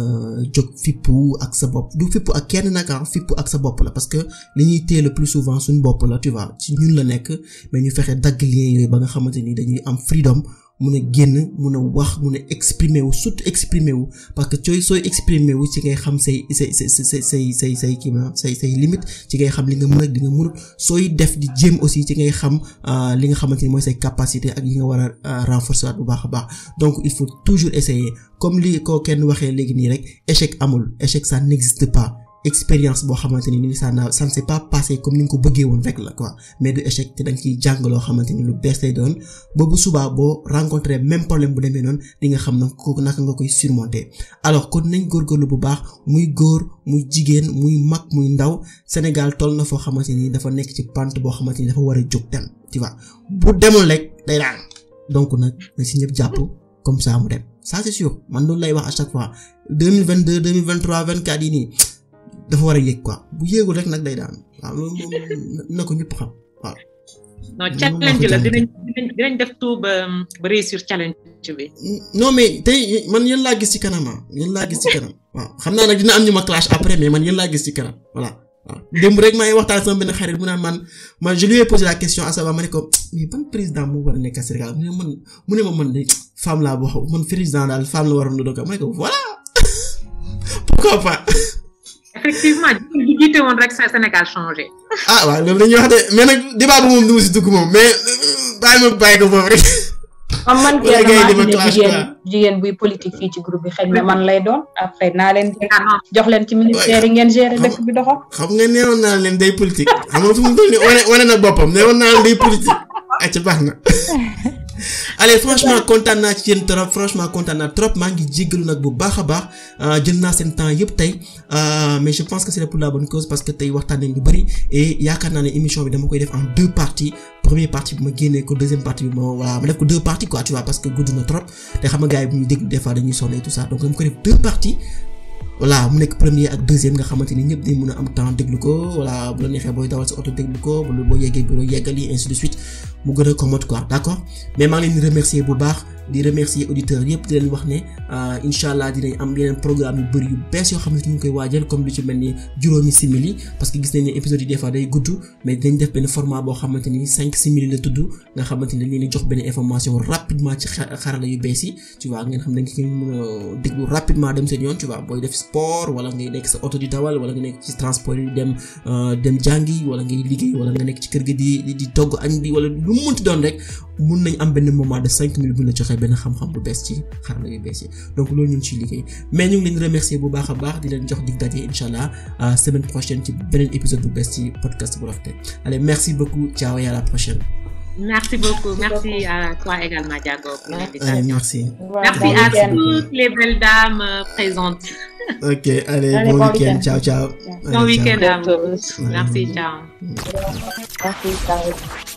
jóg fippu ak sa bopp du fippu ak kenn nag ah fippu ak sa bopp la parce que li ñuy téye le plus souvent suñ bopp la tu vois ci ñun la nekk mais ñu fexe dagg lien yooyu ba nga xamante ni dañuy am freedom mun a génn mun a wax mun a exprimer wu surtout exprimer wu parce que cooy sooy exprimer wu ci ngay xam say say say say say say say kii say say ci ngay xam li nga mën ak li nga sooy def di jéem aussi ci ngay xam euh, li nga xamante ni mooy say capacité ak yi nga war a euh, renforcer waat bu baax a baax donc il faut toujours essayer comme li ko kenn waxee léegi nii rek échec amul échec ça n'existe pas expérience boo xamante ni nii ça n'a ça ne s'est pas passé comme ni nga ko bëggee woon rek la quoi mais du échec te da nga ciy jàng loo xamante ni lu bees lay doon ba bu subaa boo rencontré même problème bu demee noonu di nga xam na ko naka nga koy surmonter. alors kon nañ góorgóorlu bu baax muy góor muy jigéen muy mag muy ndaw Sénégal toll na foo xamante ni dafa nekk ci pente boo xamante ni dafa war a jóg dem tu vois bu demul rek day daan donc nag na si ñëpp jàpp comme ça mu dem ça c'est sûr man loolu lay wax à chaque fois 2022 2023 24 yi nii dafa war a yéeg quoi bu yéegul rek nag day daan waaw loolu na ko ñëpp xam waaw. non challenge la dinañ dinañ def tout ba ba réussir challenge bi. non mais tey man yéen laa gis ci kanam ah yéen laa gis ci kanam waaw xam naa nag dina am ñu ma clash après mais man yéen laa gis ci kanam voilà. waaw démb rek maa ngi waxtaan sama benn xarit mu naan man man je lui ai posé la question à savoir ma ne ko mais ban président moo war a nekk Sénégal mu ne man mu ne ma man de femme laa wax man président daal femme la waroon a doog ma ne ko voilà pourquoi pas effectivement jigéen bi jiite woon rek Sénégal changé. ah wa loolu la wax de mais nak débat bi moom du ci si dugg moom mais euh, bàyyi mo bàyyi ko foofu rek. am man jigéen jigéen buy politique fi ci groupe bi xëy na man lay doon après na leen ah jox leen ci ministère yi ngeen gérer dëkk bi doxal. xam nga neewoon na leen day politique xam nga fu mu toll nii wane wane na boppam neewoon naa leen day politique. ah ci baxna allez franchement kontaan naa ci trop franchement kontaan naa trop maa ngi jéggalu nag bu baax a baax euh, jël naa seen temps yëpp tey euh, mais je pense que c'est pour la bonne cause parce que tey waxtaan nañ lu bëri et yaakaar naa ne émission bi dama koy def en deux parties première partie bi ma génnee ko deuxième partie bi ma voilà ma def ko deux parties quoi tu vois parce que gudd na trop te xam nga gars yi bu ñu déglu des fois dañuy sonné tout ça donc dama koy def deux parties voilà mu nek premier ak deuxième nga xamanteni ñepp di mëna am temps déglu ko voilà bu la nexé boy dawal sa oto déglu ko bu lu la boo bu lu yeggal yi ainsi de suite mu gëna a commode quoi d'accord mais ma ngi leen remercier bu baax di remercier auditeurs yépp di leen wax ne euh, incha allah dinañ am yeneen programme yu bëri yu bees yo xamanteni ñu koy wajjal comme lu ci melni juroomi simili parce que gis nañ ne épisode yi des fois day gudd mais dañ def ben format bo xamanteni 5 simili la tuddu nga xamanteni dañ leen jox ben information rapidement ci xarala yu bees yi tu vois ngeen xam dañ ci mëna a déglu rapidement dem seen yoon tu vois boy def sport wala ngay nekk sa oto di dawal wala nga nekk ci transport yi dem euh, dem jàngi wala ngay liggéey wala nga nekk ci kër gi di di togg añ bi wala lu mu munti doon rek mun nañ am benn moment de cinq minutes bu la joxee benn xam-xam bu bees ci xarala yu bees donc loolu ñu ngi ciy liggéey mais ñu ngi remercier bu baax a baax di leen jox dig daje incha allah euh, semaine prochaine ci beneen épisode bu bees ci podcast bu rafet allez merci beaucoup ciao et la prochaine Merci beaucoup. Merci, à toi également, Diago, pour merci. merci à toutes les belles dames euh, présentes. Ok, allez, bon, week-end. ciao, ciao. Bon week-end à vous. Merci, ciao. Merci, ciao.